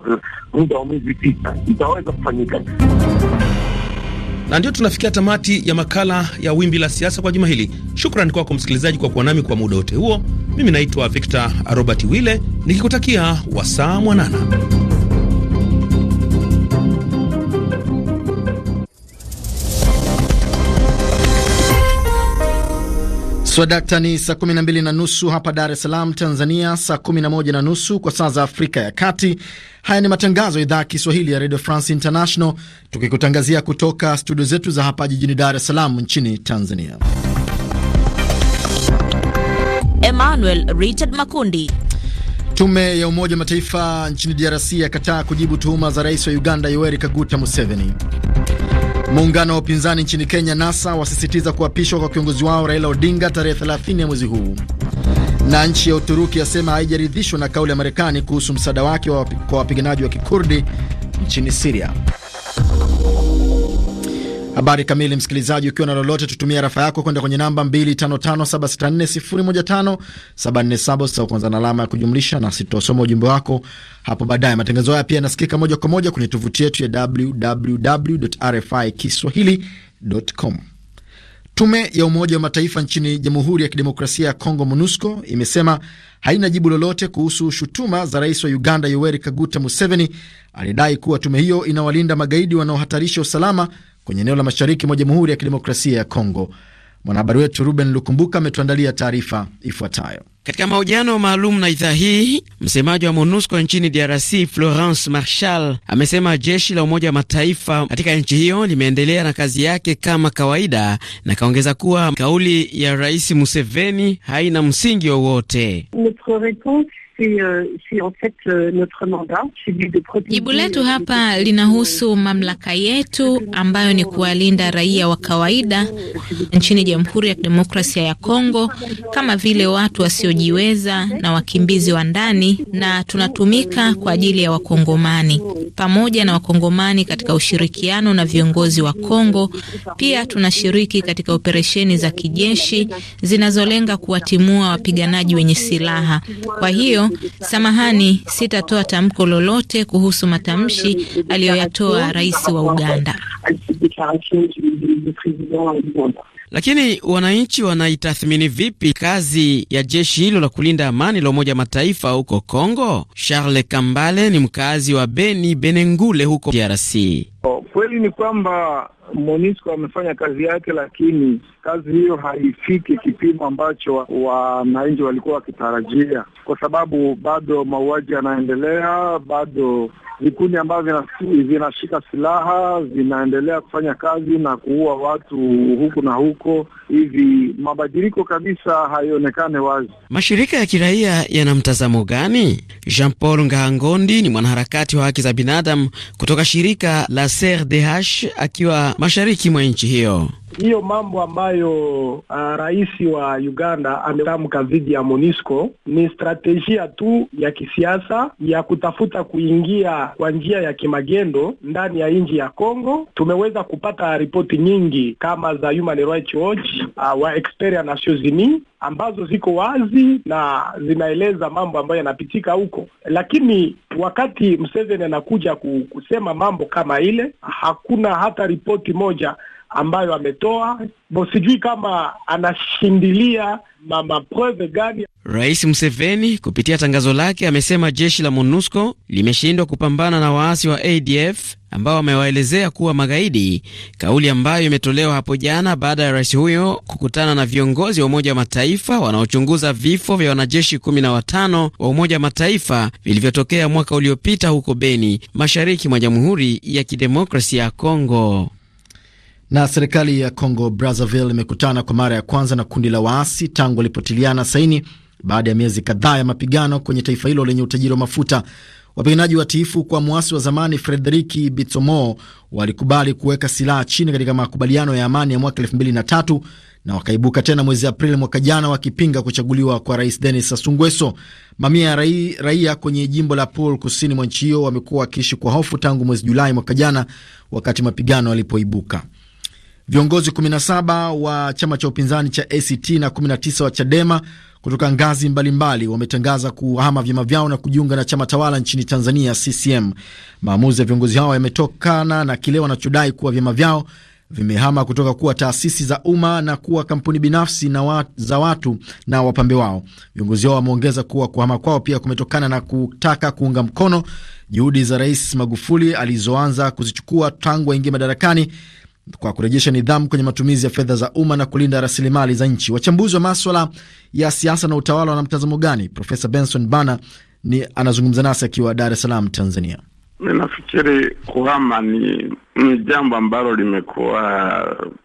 muda wa miezi sita, itaweza kufanyika. Na ndio tunafikia tamati ya makala ya Wimbi la Siasa kwa juma hili. Shukrani kwako msikilizaji kwa kuwa nami kwa muda wote huo. Mimi naitwa Victor Robert Wille nikikutakia wasaa mwanana. Swadakta ni saa 12 na nusu hapa Dar es Salaam, Tanzania, saa 11 na nusu kwa saa za Afrika ya Kati. Haya ni matangazo ya idhaa ya Kiswahili ya Radio France International, tukikutangazia kutoka studio zetu za hapa jijini Dar es Salaam nchini Tanzania. Emmanuel Richard Makundi. Tume ya Umoja wa Mataifa nchini DRC yakataa kujibu tuhuma za rais wa Uganda Yoweri Kaguta Museveni. Muungano wa upinzani nchini Kenya, NASA, wasisitiza kuapishwa kwa kiongozi wao Raila Odinga tarehe 30 ya mwezi huu. Na nchi ya Uturuki yasema haijaridhishwa na kauli ya Marekani kuhusu msaada wake kwa wapiganaji wa kikurdi nchini Siria. Habari kamili, msikilizaji, ukiwa na lolote, tutumia rafa yako kwenda kwenye namba 255764015747 kwanza na alama ya kujumlisha, nasi tutasoma ujumbe wako hapo baadaye. Matangazo haya pia yanasikika moja kwa moja kwenye tovuti yetu ya www.rfikiswahili.com. Tume ya Umoja wa Mataifa nchini Jamhuri ya Kidemokrasia ya Kongo, MONUSCO, imesema haina jibu lolote kuhusu shutuma za rais wa Uganda Yoweri Kaguta Museveni alidai kuwa tume hiyo inawalinda magaidi wanaohatarisha usalama kwenye eneo la mashariki mwa Jamhuri ya Kidemokrasia ya Kongo. Mwanahabari wetu Ruben Lukumbuka ametuandalia taarifa ifuatayo. Katika mahojiano maalum na idhaa hii, msemaji wa MONUSCO nchini DRC Florence Marshal amesema jeshi la Umoja wa Mataifa katika nchi hiyo limeendelea na kazi yake kama kawaida, na kaongeza kuwa kauli ya Rais Museveni haina msingi wowote. Euh, euh, Jibu letu hapa linahusu mamlaka yetu ambayo ni kuwalinda raia wa kawaida nchini Jamhuri ya Kidemokrasia ya Kongo, kama vile watu wasiojiweza na wakimbizi wa ndani, na tunatumika kwa ajili ya Wakongomani pamoja na Wakongomani katika ushirikiano na viongozi wa Kongo. Pia tunashiriki katika operesheni za kijeshi zinazolenga kuwatimua wapiganaji wenye silaha. Kwa hiyo samahani, sitatoa tamko lolote kuhusu matamshi aliyoyatoa rais wa Uganda. Lakini wananchi wanaitathmini vipi kazi ya jeshi hilo la kulinda amani la Umoja Mataifa huko congo Charles Kambale ni mkazi wa Beni Benengule huko DRC. Oh, kweli ni kwamba MONUSCO amefanya kazi yake, lakini kazi hiyo haifiki kipimo ambacho wananchi walikuwa wakitarajia, kwa sababu bado mauaji yanaendelea, bado vikundi ambavyo vinashika silaha vinaendelea kufanya kazi na kuua watu huku na huko hivi, mabadiliko kabisa haionekane wazi. Mashirika ya kiraia yana mtazamo gani? Jean Paul Ngaangondi ni mwanaharakati wa haki za binadamu kutoka shirika la CRDH akiwa mashariki mwa nchi hiyo hiyo mambo ambayo uh, rais wa Uganda ametamka dhidi ya MONUSCO ni strategia tu ya kisiasa ya kutafuta kuingia kwa njia ya kimagendo ndani ya nchi ya Congo. Tumeweza kupata ripoti nyingi kama za Human Rights Watch, uh, wa Nations Unies ambazo ziko wazi na zinaeleza mambo ambayo yanapitika huko, lakini wakati Museveni anakuja kusema mambo kama ile, hakuna hata ripoti moja ambayo ametoa, sijui kama anashindilia mapreve gani. Rais Museveni kupitia tangazo lake amesema jeshi la MONUSCO limeshindwa kupambana na waasi wa ADF ambao amewaelezea kuwa magaidi, kauli ambayo imetolewa hapo jana baada ya rais huyo kukutana na viongozi wa Umoja wa Mataifa wanaochunguza vifo vya wanajeshi 15 wa Umoja wa Mataifa vilivyotokea mwaka uliopita huko Beni, mashariki mwa Jamhuri ya Kidemokrasia ya Kongo. Na serikali ya Congo Brazzaville imekutana kwa mara ya kwanza na kundi la waasi tangu walipotiliana saini baada ya miezi kadhaa ya mapigano kwenye taifa hilo lenye utajiri wa mafuta. Wapiganaji watiifu kwa mwasi wa zamani Frederiki Bitsomo walikubali kuweka silaha chini katika makubaliano ya amani ya mwaka 2003 na wakaibuka tena mwezi Aprili mwaka jana wakipinga kuchaguliwa kwa rais Denis Sassou Nguesso. Mamia ya rai, raia kwenye jimbo la Pool kusini mwa nchi hiyo wamekuwa wakiishi kwa hofu tangu mwezi Julai mwaka jana wakati mapigano yalipoibuka. Viongozi 17 wa chama cha upinzani cha ACT na 19 wa Chadema kutoka ngazi mbalimbali wametangaza kuhama vyama vyao na kujiunga na chama tawala nchini Tanzania, CCM. Maamuzi ya viongozi hao yametokana na kile wanachodai kuwa vyama vyao vimehama kutoka kuwa taasisi za umma na kuwa kampuni binafsi na wa, za watu na wapambe wao. Viongozi hao wameongeza kuwa kuhama kwao pia kumetokana na kutaka kuunga mkono juhudi za Rais Magufuli alizoanza kuzichukua tangu aingie madarakani kwa kurejesha nidhamu kwenye matumizi ya fedha za umma na kulinda rasilimali za nchi. Wachambuzi wa maswala ya siasa na utawala wana mtazamo gani? Profesa Benson Bana ni anazungumza nasi akiwa Dar es Salaam, Tanzania. Ninafikiri kuhama ni ni jambo ambalo limekuwa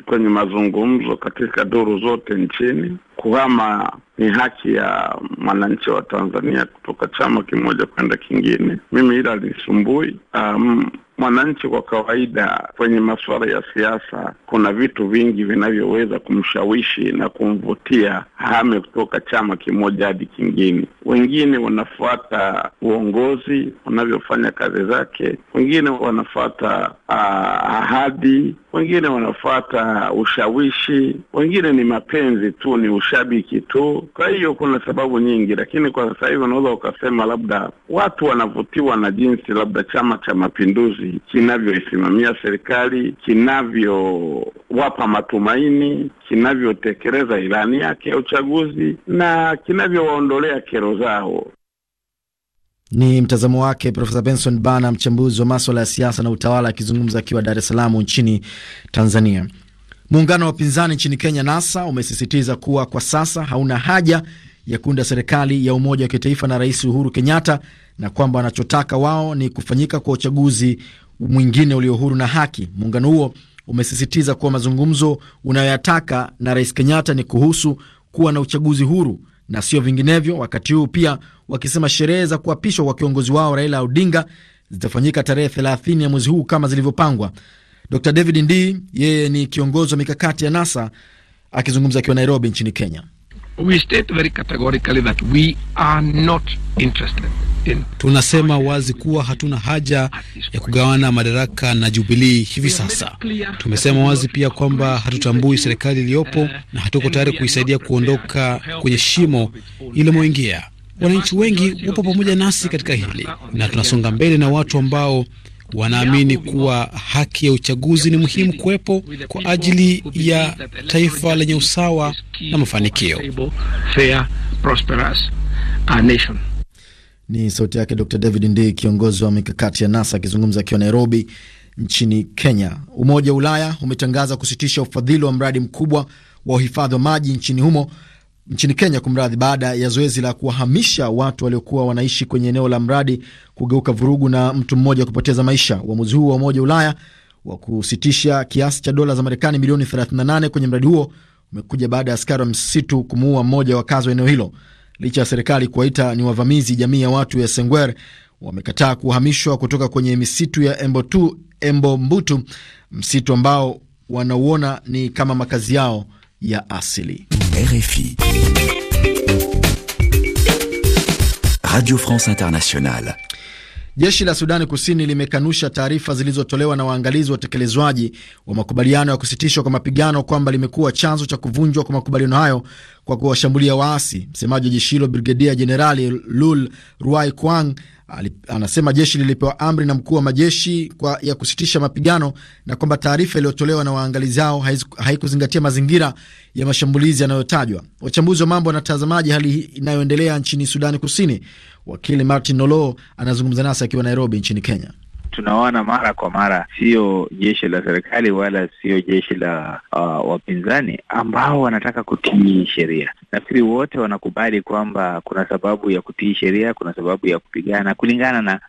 kwenye mazungumzo katika duru zote nchini. Kuhama ni haki ya mwananchi wa Tanzania kutoka chama kimoja kwenda kingine. Mimi ila lisumbui Um, Mwananchi kwa kawaida, kwenye masuala ya siasa, kuna vitu vingi vinavyoweza kumshawishi na kumvutia hame kutoka chama kimoja hadi kingine. Wengine wanafuata uongozi unavyofanya kazi zake, wengine wanafuata ah, ahadi, wengine wanafuata ushawishi, wengine ni mapenzi tu, ni ushabiki tu. Kwa hiyo kuna sababu nyingi, lakini kwa sasa hivi unaweza ukasema labda watu wanavutiwa na jinsi labda Chama cha Mapinduzi serikali, kinavyoisimamia serikali, kinavyowapa matumaini, kinavyotekeleza ilani yake ya uchaguzi na kinavyowaondolea kero zao. Ni mtazamo wake Profesa Benson Bana, mchambuzi wa maswala ya siasa na utawala, akizungumza akiwa Dar es Salaam nchini Tanzania. Muungano wa upinzani nchini Kenya, NASA, umesisitiza kuwa kwa sasa hauna haja ya kuunda serikali ya umoja wa kitaifa na Rais Uhuru Kenyatta na kwamba wanachotaka wao ni kufanyika kwa uchaguzi mwingine ulio huru na haki. Muungano huo umesisitiza kuwa mazungumzo unayoyataka na Rais Kenyatta ni kuhusu kuwa na uchaguzi huru na sio vinginevyo, wakati huu pia wakisema sherehe za kuapishwa kwa kiongozi wao Raila Odinga zitafanyika tarehe 30 ya mwezi huu kama zilivyopangwa. Dr David nd yeye ni kiongozi wa mikakati ya NASA, akizungumza akiwa Nairobi nchini Kenya. We state very categorically that we are not interested Tunasema wazi kuwa hatuna haja ya kugawana madaraka na Jubilii hivi sasa. Tumesema wazi pia kwamba hatutambui serikali iliyopo na hatuko tayari kuisaidia kuondoka kwenye shimo ilimoingia. Wananchi wengi wapo pamoja nasi katika hili, na tunasonga mbele na watu ambao wanaamini kuwa haki ya uchaguzi ni muhimu kuwepo kwa ajili ya taifa lenye usawa na mafanikio. Ni sauti yake Dr David Ndii, kiongozi wa mikakati ya NASA akizungumza akiwa Nairobi nchini Kenya. Umoja wa Ulaya umetangaza kusitisha ufadhili wa mradi mkubwa wa uhifadhi wa maji nchini humo nchini Kenya, kumradhi, baada ya zoezi la kuwahamisha watu waliokuwa wanaishi kwenye eneo la mradi kugeuka vurugu na mtu mmoja kupoteza maisha. Uamuzi huu wa Umoja wa Ulaya wa kusitisha kiasi cha dola za Marekani milioni 38 kwenye mradi huo umekuja baada ya askari wa msitu kumuua mmoja wa wakazi wa eneo hilo licha ya serikali kuwaita ni wavamizi. Jamii ya watu ya Sengwer wamekataa kuhamishwa kutoka kwenye misitu ya Embotu, Embombutu, msitu ambao wanauona ni kama makazi yao ya asili. RFI Radio France Internationale. Jeshi la Sudani Kusini limekanusha taarifa zilizotolewa na waangalizi wa utekelezwaji wa makubaliano ya kusitishwa kwa mapigano kwamba limekuwa chanzo cha kuvunjwa kwa makubaliano hayo kwa kuwashambulia waasi. Msemaji wa jeshi hilo Brigedia Jenerali Lul Ruai Kwang Anasema jeshi lilipewa amri na mkuu wa majeshi kwa ya kusitisha mapigano na kwamba taarifa iliyotolewa na waangalizi hao haikuzingatia mazingira ya mashambulizi yanayotajwa. Wachambuzi wa mambo wanatazamaji hali inayoendelea nchini Sudani Kusini. Wakili Martin Nolo anazungumza nasi akiwa Nairobi nchini Kenya tunaona mara kwa mara, sio jeshi la serikali wala sio jeshi la uh, wapinzani ambao wanataka kutii sheria. Nafikiri wote wanakubali kwamba kuna sababu ya kutii sheria, kuna sababu ya kupigana kulingana na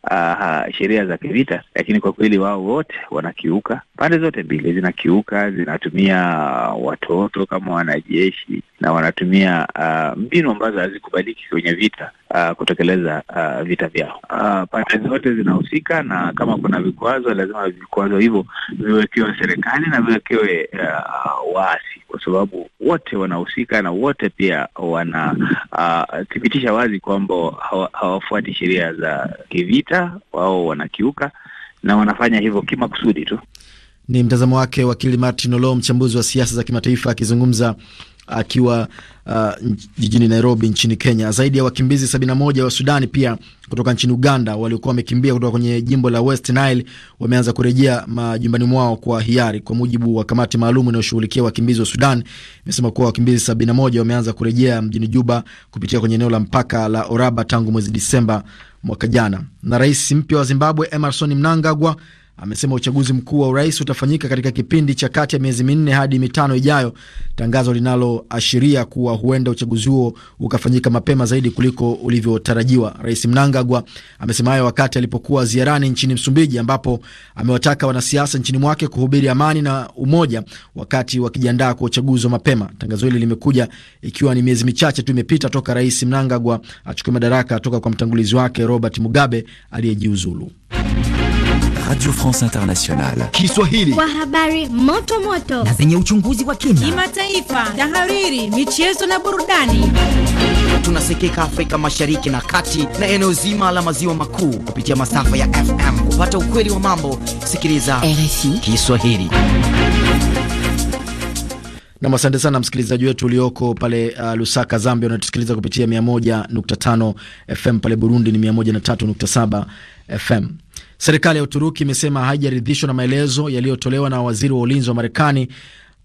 uh, sheria za kivita, lakini kwa kweli wao wote wanakiuka. Pande zote mbili zinakiuka, zinatumia watoto kama wanajeshi na wanatumia uh, mbinu ambazo hazikubaliki kwenye vita uh, kutekeleza uh, vita vyao. Uh, pande zote zinahusika na kama kuna vikwazo, lazima vikwazo hivyo viwekewe serikali na viwekewe uh, waasi, kwa sababu wote wanahusika na wote pia wanathibitisha uh, wazi kwamba hawafuati sheria za kivita, wao wanakiuka na wanafanya hivyo kimakusudi tu. Ni mtazamo wake wakili Martin Olo, mchambuzi wa siasa za kimataifa akizungumza akiwa uh, jijini Nairobi nchini Kenya. Zaidi ya wakimbizi 71 wa Sudani pia kutoka nchini Uganda waliokuwa wamekimbia kutoka kwenye jimbo la West Nile wameanza kurejea majumbani mwao kwa hiari, kwa mujibu wa kamati maalum inayoshughulikia wakimbizi wa Sudan. Imesema kuwa wakimbizi 71 wameanza kurejea mjini Juba kupitia kwenye eneo la mpaka la Oraba tangu mwezi Disemba mwaka jana. Na rais mpya wa Zimbabwe Emerson Mnangagwa amesema uchaguzi mkuu wa urais utafanyika katika kipindi cha kati ya miezi minne hadi mitano ijayo, tangazo linaloashiria kuwa huenda uchaguzi huo ukafanyika mapema zaidi kuliko ulivyotarajiwa. Rais Mnangagwa amesema hayo wakati alipokuwa ziarani nchini Msumbiji, ambapo amewataka wanasiasa nchini mwake kuhubiri amani na umoja wakati wakijiandaa kwa uchaguzi wa mapema. Tangazo hili limekuja ikiwa ni miezi michache tu imepita toka Rais Mnangagwa achukue madaraka toka kwa mtangulizi wake Robert Mugabe aliyejiuzulu. Radio France Internationale. Kiswahili. Kwa habari moto moto na zenye uchunguzi wa kina, kimataifa, tahariri, michezo na burudani. Tunasikika Afrika Mashariki na Kati na eneo zima la maziwa makuu kupitia masafa ya FM. Kupata ukweli wa mambo, sikiliza RFI Kiswahili. Na asante sana msikilizaji wetu ulioko pale uh, Lusaka Zambia, unatusikiliza kupitia 101.5 FM, pale Burundi ni 103.7 FM. Serikali ya Uturuki imesema haijaridhishwa na maelezo yaliyotolewa na waziri wa ulinzi wa Marekani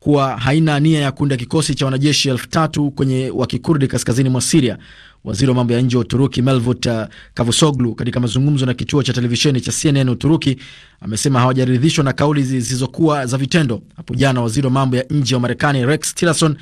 kuwa haina nia ya kuunda kikosi cha wanajeshi elfu tatu kwenye wa kikurdi kaskazini mwa Siria. Waziri wa mambo ya nje wa Uturuki Melvut kavusoglu katika mazungumzo na kituo cha televisheni cha CNN Uturuki, amesema hawajaridhishwa na kauli zilizokuwa za vitendo. Hapo jana waziri wa mambo ya nje wa Marekani Rex Tillerson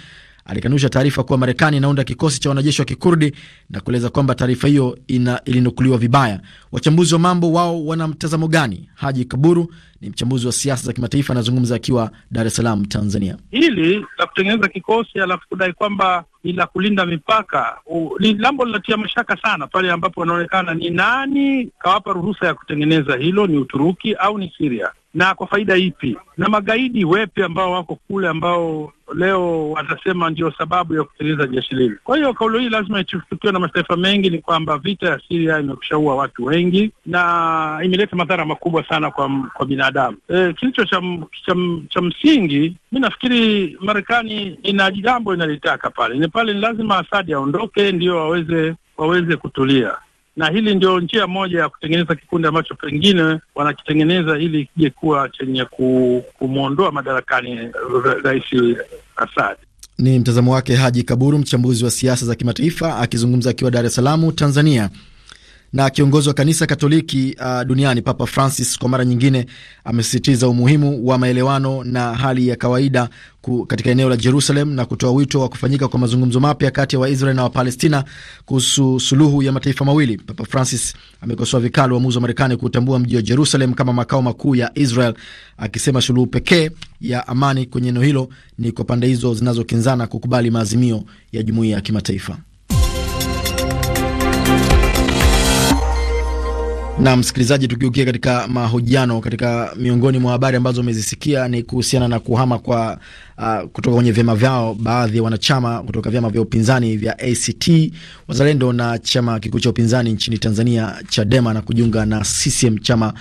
alikanusha taarifa kuwa Marekani inaunda kikosi cha wanajeshi wa Kikurdi na kueleza kwamba taarifa hiyo ilinukuliwa vibaya. Wachambuzi wa mambo wao wana mtazamo gani? Haji Kaburu ni mchambuzi wa siasa za kimataifa, anazungumza akiwa Dar es Salaam, Tanzania. Hili la kutengeneza kikosi alafu kudai kwamba ni la kulinda mipaka ni jambo linatia mashaka sana, pale ambapo wanaonekana ni nani kawapa ruhusa ya kutengeneza hilo, ni Uturuki au ni Siria? na kwa faida ipi? Na magaidi wepe ambao wako kule ambao leo watasema ndio sababu ya kutengeneza jeshi lile? Kwa hiyo kauli hii lazima ichukuliwe na mataifa mengi, ni kwamba vita ya siria imekushaua watu wengi na imeleta madhara makubwa sana kwa kwa binadamu. E, kilicho cha msingi, mi nafikiri Marekani ina jambo inalitaka pale ni pale, ni lazima Asadi aondoke ndio waweze waweze kutulia na hili ndio njia moja ya kutengeneza kikundi ambacho pengine wanakitengeneza ili kije kuwa chenye kumwondoa madarakani rais Assad. Ni mtazamo wake Haji Kaburu, mchambuzi wa siasa za kimataifa akizungumza akiwa Dar es Salaam, Tanzania. Na kiongozi wa kanisa Katoliki uh, duniani Papa Francis kwa mara nyingine amesisitiza umuhimu wa maelewano na hali ya kawaida ku, katika eneo la Jerusalem na kutoa wito wa kufanyika kwa mazungumzo mapya kati ya Waisrael na Wapalestina kuhusu suluhu ya mataifa mawili. Papa Francis amekosoa vikali uamuzi wa Marekani kuutambua mji wa Jerusalem kama makao makuu ya Israel, akisema suluhu pekee ya amani kwenye eneo hilo ni kwa pande hizo zinazokinzana kukubali maazimio ya jumuiya ya kimataifa. Na msikilizaji, tukiukia katika mahojiano, katika miongoni mwa habari ambazo umezisikia ni kuhusiana na kuhama kwa uh, kutoka kwenye vyama vyao, baadhi ya wanachama kutoka vyama vya upinzani vya ACT Wazalendo na chama kikuu cha upinzani nchini Tanzania Chadema na kujiunga na CCM chama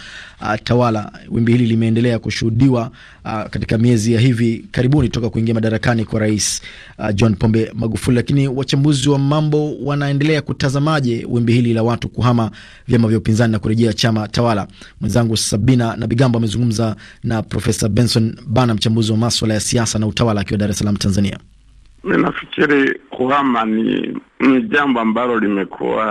uh, tawala. Wimbi hili limeendelea kushuhudiwa uh, katika miezi ya hivi karibuni toka kuingia madarakani kwa Rais uh, John Pombe Magufuli, lakini wachambuzi wa mambo wanaendelea kutazamaje wimbi hili la watu kuhama vyama vya upinzani na kurejea chama tawala? Mwenzangu Sabina na Bigambo amezungumza na Profesa Benson Bana, mchambuzi wa maswala ya siasa na utawala akiwa Dar es Salaam, Tanzania? Ninafikiri kuhama ni ni jambo ambalo limekuwa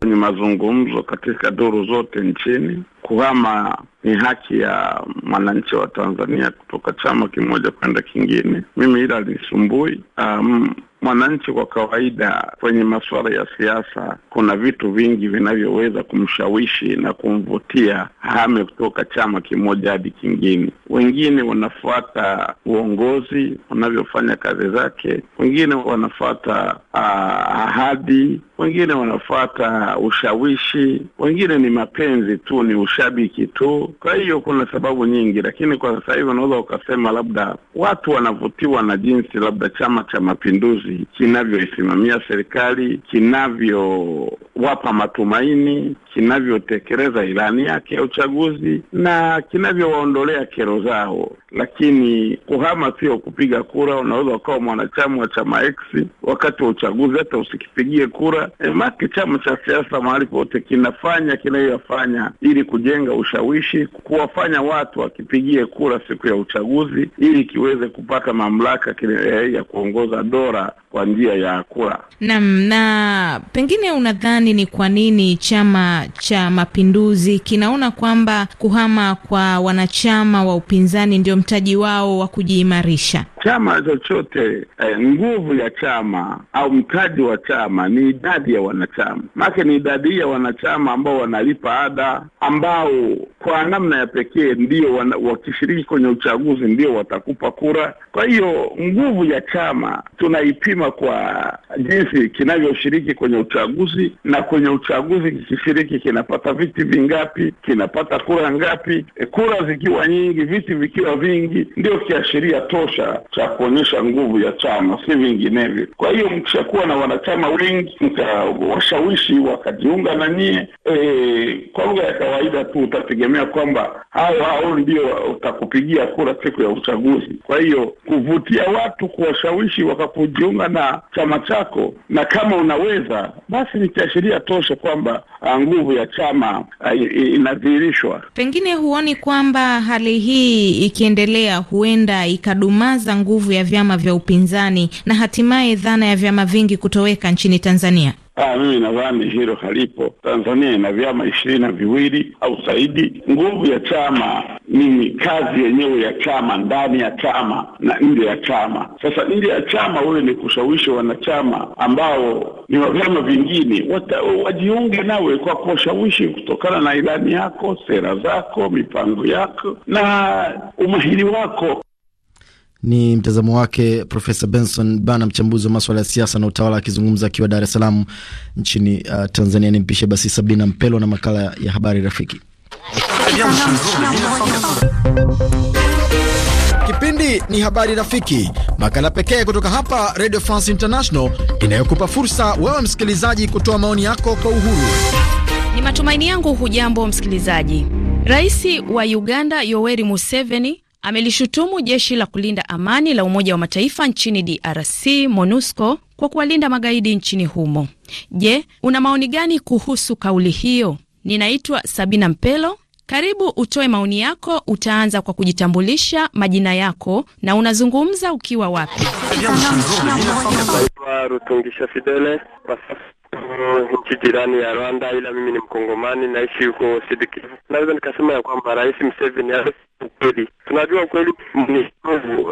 kwenye mazungumzo katika duru zote nchini. Kuhama ni haki ya mwananchi wa Tanzania kutoka chama kimoja kwenda kingine. Mimi ila lisumbui um, Mwananchi kwa kawaida, kwenye masuala ya siasa, kuna vitu vingi vinavyoweza kumshawishi na kumvutia hame kutoka chama kimoja hadi kingine. Wengine wanafuata uongozi unavyofanya kazi zake, wengine wanafuata ah, ahadi wengine wanafuata ushawishi, wengine ni mapenzi tu, ni ushabiki tu. Kwa hiyo kuna sababu nyingi, lakini kwa sasa hivi unaweza ukasema labda watu wanavutiwa na jinsi labda Chama cha Mapinduzi kinavyoisimamia serikali, kinavyowapa matumaini, kinavyotekeleza ilani yake ya uchaguzi na kinavyowaondolea kero zao. Lakini kuhama sio kupiga kura. Unaweza ukawa mwanachama wa chama X wakati wa uchaguzi, hata usikipigie kura Eh, kwanza e, chama cha siasa mahali pote kinafanya kinayoyafanya ili kujenga ushawishi, kuwafanya watu wakipigie kura siku ya uchaguzi ili kiweze kupata mamlaka kine, e, eh, ya kuongoza dola kwa njia ya kura. Naam, na pengine unadhani ni kwa nini Chama cha Mapinduzi kinaona kwamba kuhama kwa wanachama wa upinzani ndio mtaji wao wa kujiimarisha? Chama chochote eh, nguvu ya chama au mtaji wa chama ni idadi ya wanachama, maana ni idadi hii ya wanachama ambao wanalipa ada, ambao kwa namna ya pekee ndio wakishiriki kwenye uchaguzi ndio watakupa kura. Kwa hiyo nguvu ya chama tunaipima kusema kwa jinsi kinavyoshiriki kwenye uchaguzi na kwenye uchaguzi kikishiriki kinapata viti vingapi, kinapata kura ngapi. E, kura zikiwa nyingi, viti vikiwa vingi, ndio kiashiria tosha cha kuonyesha nguvu ya chama, si vinginevyo. Kwa hiyo mkishakuwa na wanachama wengi, mkawashawishi wakajiunga na nyie, e, kwa lugha ya kawaida tu utategemea kwamba hao hao ndio utakupigia kura siku ya uchaguzi. Kwa hiyo kuvutia watu, kuwashawishi wakakujiunga na chama chako, na kama unaweza basi ni kiashiria tosha kwamba ah, nguvu ya chama ah, inadhihirishwa. Pengine huoni kwamba hali hii ikiendelea huenda ikadumaza nguvu ya vyama vya upinzani na hatimaye dhana ya vyama vingi kutoweka nchini Tanzania? Ah, mimi nadhani hilo halipo. Tanzania ina vyama ishirini na viwili au zaidi. Nguvu ya chama ni kazi yenyewe ya chama, ndani ya chama na nje ya chama. Sasa nje ya chama, wewe ni kushawishi wanachama ambao ni wa vyama vingine wajiunge nawe kwa kuwashawishi kutokana na ilani yako, sera zako, mipango yako na umahiri wako. Ni mtazamo wake Profesa Benson Bana, mchambuzi wa maswala ya siasa na utawala, akizungumza akiwa Dar es Salaam nchini uh, Tanzania. Ni mpishe basi sabina Mpelo na makala ya habari rafiki. Kipindi ni habari rafiki, makala pekee kutoka hapa Radio France International inayokupa fursa wewe msikilizaji kutoa maoni yako kwa uhuru. Ni matumaini yangu hujambo msikilizaji. Rais wa Uganda Yoweri Museveni amelishutumu jeshi la kulinda amani la Umoja wa Mataifa nchini DRC MONUSCO kwa kuwalinda magaidi nchini humo. Je, una maoni gani kuhusu kauli hiyo? Ninaitwa Sabina Mpelo. Karibu utoe maoni yako. Utaanza kwa kujitambulisha majina yako na unazungumza ukiwa wapi? Rutungisha Fidele kwa sasa uh, nchi jirani ya Rwanda, ila mimi ni Mkongomani, naishi huko Sidikivu. Naweza nikasema ya kwamba Rais Museveni ukweli, tunajua ukweli ni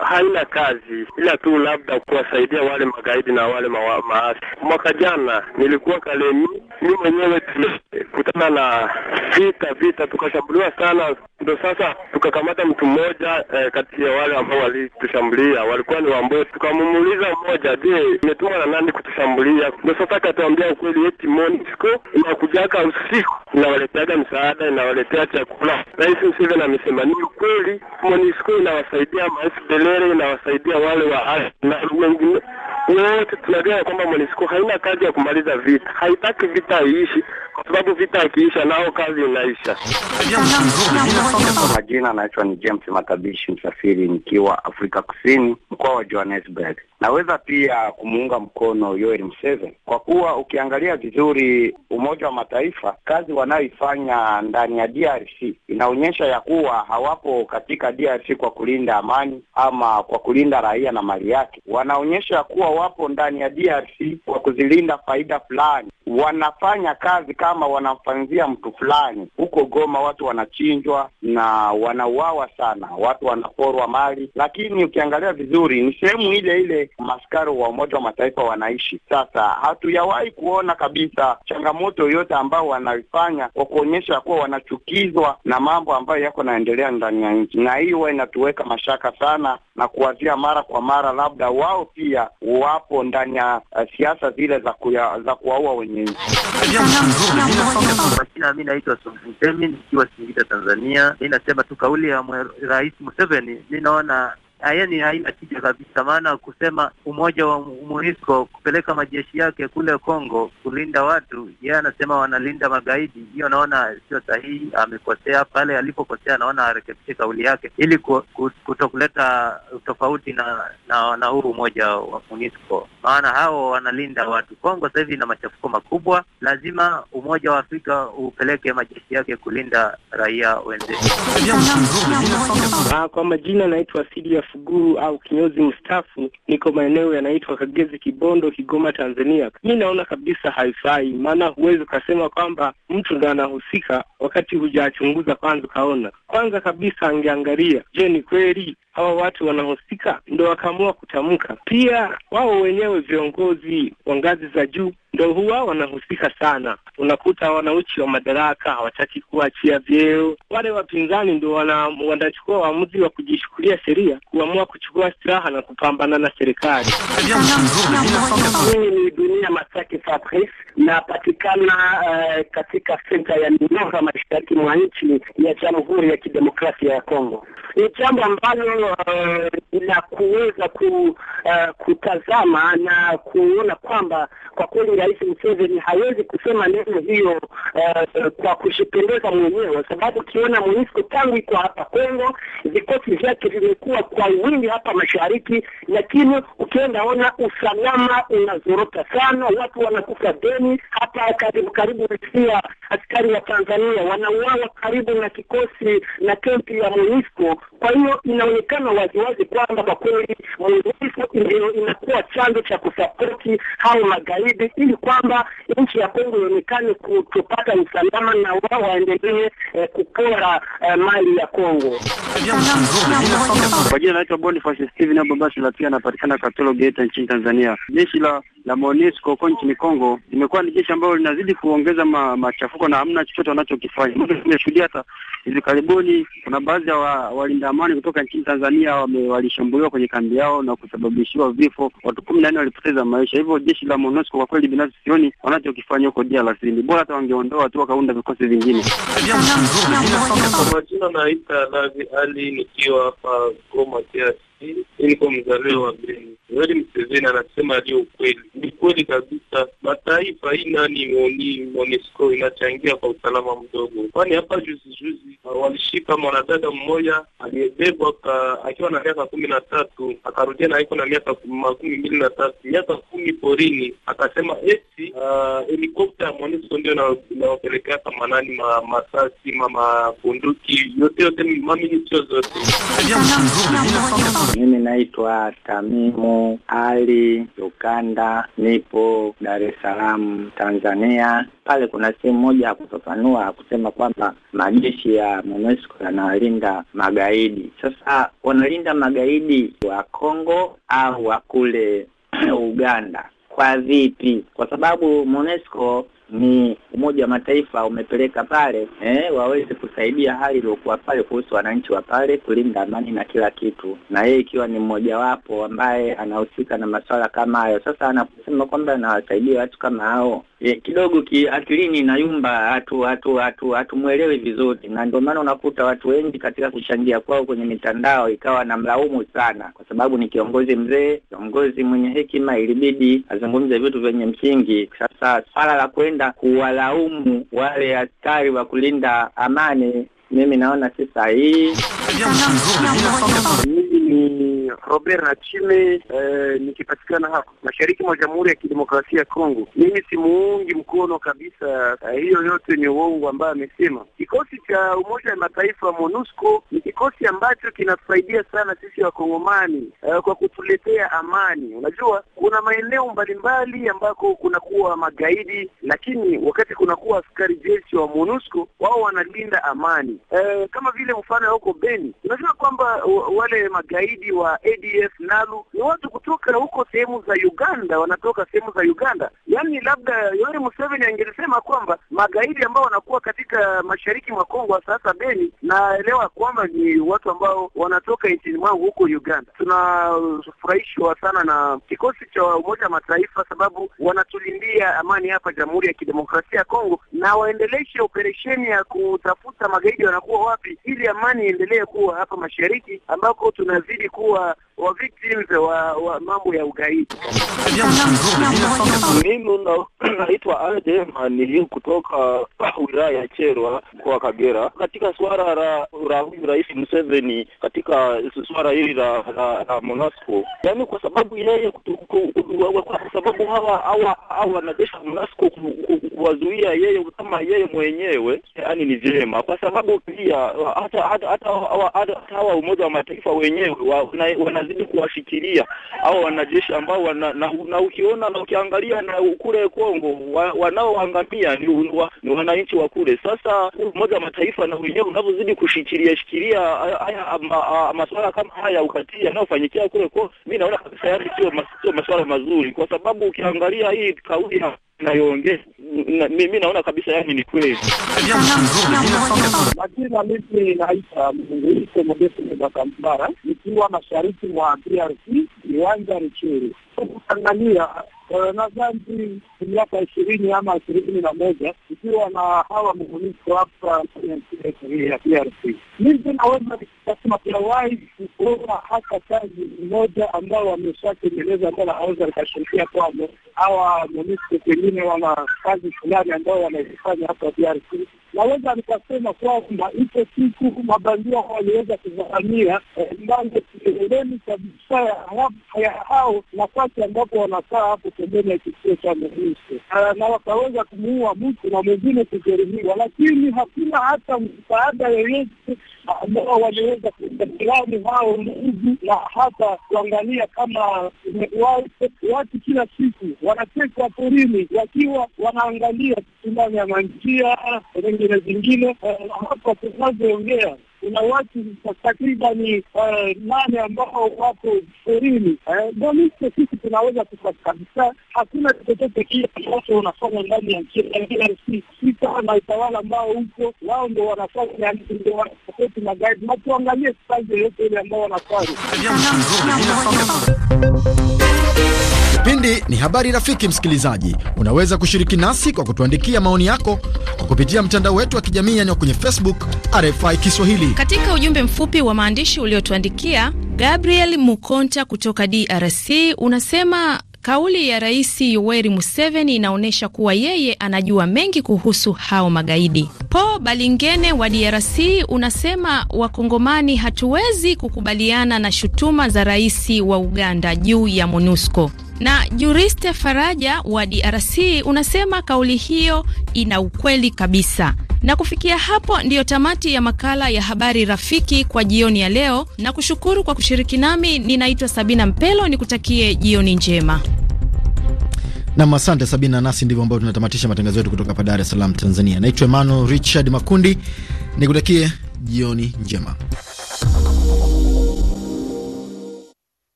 haina kazi, ila tu labda kuwasaidia wale magaidi na wale ma maasi. Mwaka jana nilikuwa Kalemi, mi mwenyewe tulikutana na vita vita, tukashambuliwa sana, ndo sasa tukakamata mtu mmoja eh, kati ya wale ambao walitushambulia walikuwa ni wambo. Tukamumuliza mmoja, je, imetumwa na nani kutushambulia? Ndo sasa akatuambia ukweli, eti MONUSCO inakujaka usiku, inawaleteaga msaada, inawaletea chakula. Rais Museveni amesema nini? kweli MONUSCO inawasaidia maisbelere inawasaidia wale wa na wengine wote. Tunajua kwamba MONUSCO haina kazi ya kumaliza vita, haitaki vita iishi kwa sababu vita akiisha nao kazi inaisha. Majina anaitwa ni James Matabishi Msafiri, nikiwa Afrika Kusini, mkoa wa Johannesburg. Naweza pia kumuunga mkono Yoweri Museveni kwa kuwa ukiangalia vizuri, Umoja wa Mataifa kazi wanayoifanya ndani ya DRC inaonyesha ya kuwa hawapo katika DRC kwa kulinda amani ama kwa kulinda raia na mali yake, wanaonyesha kuwa wapo ndani ya DRC kwa kuzilinda faida fulani wanafanya kazi kama wanamfanzia mtu fulani huko Goma. Watu wanachinjwa na wanauawa sana, watu wanaporwa mali, lakini ukiangalia vizuri ni sehemu ile ile maskari wa Umoja wa Mataifa wanaishi. Sasa hatuyawahi kuona kabisa changamoto yoyote ambao wanaifanya kwa kuonyesha kuwa wanachukizwa na mambo ambayo yako naendelea ndani ya nchi, na hiyo inatuweka mashaka sana na kuwazia mara kwa mara, labda wao pia wapo ndani ya uh, siasa zile za kuya, za kuwaua wenyewe. mi naitwa Somsemi nikiwa Singida, Tanzania. Mi nasema tu kauli ya Rais Museveni mi naona yani haina tija kabisa, maana kusema umoja wa MONUSCO kupeleka majeshi yake kule Kongo kulinda watu, yeye anasema wanalinda magaidi. Hiyo naona sio sahihi, amekosea pale alipokosea, naona arekebishe kauli yake ili kutokuleta tofauti na na, na huu umoja wa MONUSCO, maana hao wanalinda watu. Kongo sasa hivi ina machafuko makubwa, lazima umoja wa Afrika upeleke majeshi yake kulinda raia wenzetu. Ah, kwa majina naitwa Sidia askofu au kinyozi mstafu niko maeneo yanaitwa Kagezi, Kibondo, Kigoma, Tanzania. Mi naona kabisa haifai, maana huwezi ukasema kwamba mtu ndo anahusika wakati hujachunguza kwanza ukaona. Kwanza kabisa angeangalia, je, ni kweli hawa watu wanahusika ndo wakaamua kutamka. Pia wao wenyewe viongozi wa ngazi za juu ndo huwa wanahusika sana. Unakuta wanauchi wa madaraka hawataki kuachia vyeo. Wale wapinzani ndo wanachukua uamuzi wa kujishughulia sheria, kuamua kuchukua silaha na kupambana na serikali. Mimi ni Dunia Masaki Fabrice, napatikana eh, katika senta ya Minova mashariki mwa nchi ya Jamhuri ya Kidemokrasia ya Kongo. Ni jambo ambalo Uh, na kuweza ku, uh, kutazama na kuona kwamba kwa kweli Rais Museveni hawezi kusema neno hiyo uh, kwa kushipendeza mwenyewe, sababu ukiona MONUSCO tangu iko hapa Kongo, vikosi vyake vimekuwa kwa wingi hapa mashariki, lakini ukienda ona usalama unazorota sana, watu wanakufa deni. Hapa karibu karibu pia askari wa Tanzania wanauawa karibu na kikosi na kempi ya MONUSCO. Kwa hiyo inaonekana kusema waziwazi kwamba kwa kweli MONUSCO ndio inakuwa chanzo cha kusapoti hao magaidi, ili kwamba nchi ya Kongo ionekane kutopata usalama na wao waendelee eh, kupora eh, mali ya Kongo. Kwa jina naitwa Boniface Steven Abambashi na pia anapatikana Katoro Geita nchini Tanzania. Jeshi la la MONUSCO huko nchini Kongo limekuwa ni jeshi ambalo linazidi kuongeza ma, machafuko na hamna chochote wanachokifanya. nimeshuhudia hata hivi karibuni kuna baadhi ya wa, walinda amani kutoka nchini Tanzania Tanzania walishambuliwa kwenye kambi yao na kusababishiwa vifo, watu kumi na nne walipoteza maisha. Hivyo jeshi la MONUSCO kwa kweli, binafsi sioni wanachokifanya huko DRC, ni bora hata wangeondoa tu wakaunda vikosi vingine. Majina naita Navi Ali, nikiwa hapa Goma DRC niko mzaleo wa Beni. Yoweri Museveni anasema aliyo ukweli, ni kweli kabisa. Mataifa hii nani ni MONUSCO inachangia kwa usalama mdogo, kwani hapa juzi juzi ah, walishika mwanadada mmoja aliyebebwa akiwa na miaka kumi na tatu akarudia na iko na miaka makumi mbili na tatu miaka kumi porini, akasema eti ah, helikopta ya MONUSCO ndio inaopelekea kamanani ma masasi ma mabunduki yote yote maminitio zote mimi naitwa Tamimu Ali ukanda nipo Dar es Salaam, Tanzania. Pale kuna sehemu moja ya kufafanua kusema kwamba majeshi ya MONUSCO yanawalinda magaidi. Sasa wanalinda magaidi wa Kongo au wa kule Uganda? Kwa vipi? Kwa sababu MONUSCO ni Umoja wa Mataifa umepeleka pale eh, waweze kusaidia hali iliyokuwa pale kuhusu wananchi wa pale, kulinda amani na kila kitu, na yeye ikiwa ni mmojawapo ambaye anahusika na masuala kama hayo. Sasa anakusema kwamba anawasaidia watu kama hao e, kidogo ki, akilini inayumba, hatu hatu hatu hatumwelewi vizuri, na ndio maana unakuta watu wengi katika kuchangia kwao kwenye mitandao ikawa na mlaumu sana, kwa sababu ni kiongozi mzee, kiongozi mwenye hekima, ilibidi azungumze vitu vyenye msingi. Sasa swala la kwenda kuwalaumu wale askari wa kulinda amani, mimi naona si sahihi. Mimi ni Robert Nachime eh, nikipatikana hapa mashariki mwa Jamhuri ya Kidemokrasia ya Kongo. Mimi simuungi mkono kabisa eh, hiyo yote ni uongo ambayo amesema. Kikosi cha Umoja wa Mataifa MONUSCO ni kikosi ambacho kinasaidia sana sisi Wakongomani eh, kwa kutuletea amani. Unajua kuna maeneo mbalimbali ambako kunakuwa magaidi, lakini wakati kunakuwa askari jeshi wa MONUSCO wao wanalinda amani eh, kama vile mfano huko Beni Beni. Tunajua kwamba wale magaidi wa ADF NALU ni watu kutoka huko sehemu za Uganda, wanatoka sehemu za Uganda. Yaani labda Yoweri Museveni angelisema kwamba magaidi ambao wanakuwa katika mashariki mwa Kongo, sasa Beni, naelewa kwamba ni watu ambao wanatoka nchini mwangu huko Uganda. Tunafurahishwa sana na kikosi cha Umoja wa Mataifa sababu wanatulindia amani hapa Jamhuri ya Kidemokrasia ya Kongo, na waendeleshe operesheni ya kutafuta magaidi wanakuwa wapi, ili amani iendelee kuwa hapa mashariki ambako tunazidi kuwa wa victims wa, wa mambo ya ugaidi. Mimi naitwa Ade Manili kutoka wilaya ya Cherwa mkoa Kagera. Katika swara la huyu Rais Museveni, katika swara hili la la MONUSCO, yaani kwa sababu yeye, kwa sababu hawa hawa hawa wanajeshi wa MONUSCO kuwazuia yeye kama yeye mwenyewe, yani ni vyema, kwa sababu pia hata hata hawa hawa Umoja wa Mataifa wenyewe wanazidi kuwashikilia hawa wanajeshi ambao wana, na, na ukiona na ukiangalia na kule Kongo wa, wanaoangamia ni, wa, ni wananchi wa kule. Sasa Umoja wa Mataifa na wenyewe unavyozidi kushikilia shikilia haya masuala kama haya ukatili yanayofanyikia kule Kongo, mimi naona kabisa, yaani sio masuala mazuri, kwa sababu ukiangalia hii kauli ya nayoongea mimi naona kabisa, yani ni kweli. na mimi naita Munguiko Modeste Mbakambara, nikiwa mashariki mwa DRC, iwanja Ruchuru, Tanzania. Eh, nadhani miaka ishirini ama ishirini na moja ikiwa na hawa mbunifu hapa ya DRC. Mimi naweza kasema sijawahi kuona hata kazi mmoja ambao wameshatengeneza ambao naweza nikashirikia kwamo hawa mbunifu pengine wana kazi fulani ambao wanaifanya hapa DRC. Naweza nikasema kwamba hicho siku mabandia waliweza kuvamia mbango eh, kileleni kabisa ya hao nafasi ambapo wanakaa hapo Museveni akichukua cha hicho na wakaweza kumuua mtu na mwingine kujeruhiwa, lakini hakuna hata msaada yoyote ambao waliweza kuajirani hao ndugu na hata kuangalia kama watu kila siku wanatekwa porini wakiwa wanaangalia ndani ya manjia zingine zingine eh, hapa tunazoongea kuna watu takriban eh, nane ambao wako porini. Eh, Doniste, sisi tunaweza kusema kabisa hakuna chochote kile ambacho unafanya ndani ya nchi DRC, si kama na utawala ambao huko wao ndo wanafanya ndowaeti na gaidi, na tuangalie kazi yoyote ile ambao wanafanya Kipindi ni habari rafiki. Msikilizaji, unaweza kushiriki nasi kwa kutuandikia maoni yako kwa kupitia mtandao wetu wa kijamii yani kwenye Facebook RFI Kiswahili. Katika ujumbe mfupi wa maandishi uliotuandikia, Gabriel Mukonta kutoka DRC unasema Kauli ya Rais Yoweri Museveni inaonyesha kuwa yeye anajua mengi kuhusu hao magaidi. Po Balingene wa DRC unasema Wakongomani hatuwezi kukubaliana na shutuma za rais wa Uganda juu ya MONUSCO. Na Juriste Faraja wa DRC unasema kauli hiyo ina ukweli kabisa. Na kufikia hapo ndiyo tamati ya makala ya habari rafiki kwa jioni ya leo, na kushukuru kwa kushiriki nami. Ninaitwa Sabina Mpelo, nikutakie jioni njema. Nam, asante Sabina. Nasi ndivyo ambavyo tunatamatisha matangazo yetu kutoka hapa Dar es Salaam, Tanzania. Naitwa Emmanuel Richard Makundi, nikutakie jioni njema.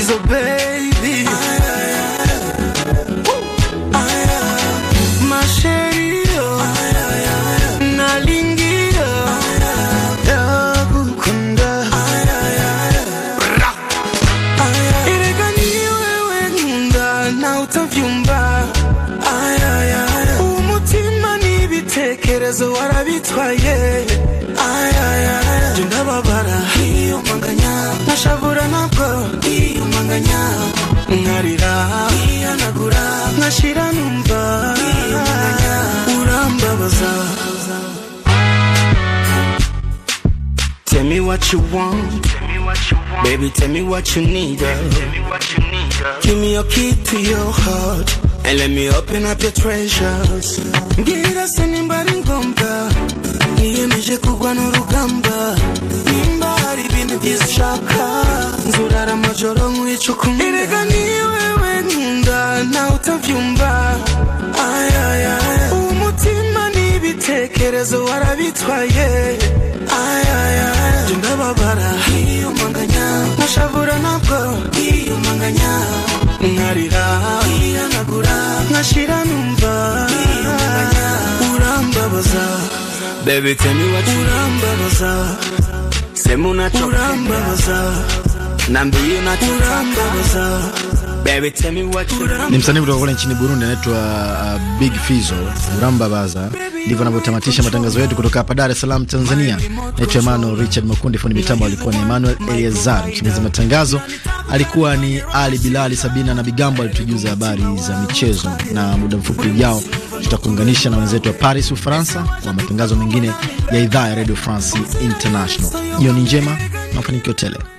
She's a baby. Masherio nalingia yakukunda iregani wewe ngunda na utavyumva umutima n'ibitekerezo warabitwaye jye ndababara iyo nkanganya nkarira nkihanagura nkashira numva urambabaza Tell me what you want, baby. Tell me what you need. Uh. Give me your key to your heart and let me open up your treasures. Gira sinimbari ngomba, niyemeje kugwa n'urugamba. ngize ushaka nzurara amajoro nkwicukumwe erega ni wewe nkunda ntawe utabyumva uwo mutima n'ibitekerezo warabitwaye ndababara yiyumanganya nkashavura ntabwo yiyumanganya nkarira yihanagura nkashira numva urambabaza bebe tell me urambabaza sema unachoka na Baby, tell me what ni msanii kutoka kule nchini Burundi anaitwa uh, Big Fizzo Uramba Baza ndivyo anavyotamatisha matangazo yetu kutoka hapa Dar es Salaam, Tanzania. Naitwa Emmanuel Richard Makundi, fundi mitambo alikuwa ni Emmanuel eliazar msimamizi matangazo alikuwa ni Ali Bilali, Sabina na Bigambo alitujuza habari za michezo, na muda mfupi ujao tutakuunganisha na wenzetu wa Paris, Ufaransa, kwa matangazo mengine ya idhaa ya Radio France International. Jioni njema na mafanikio tele.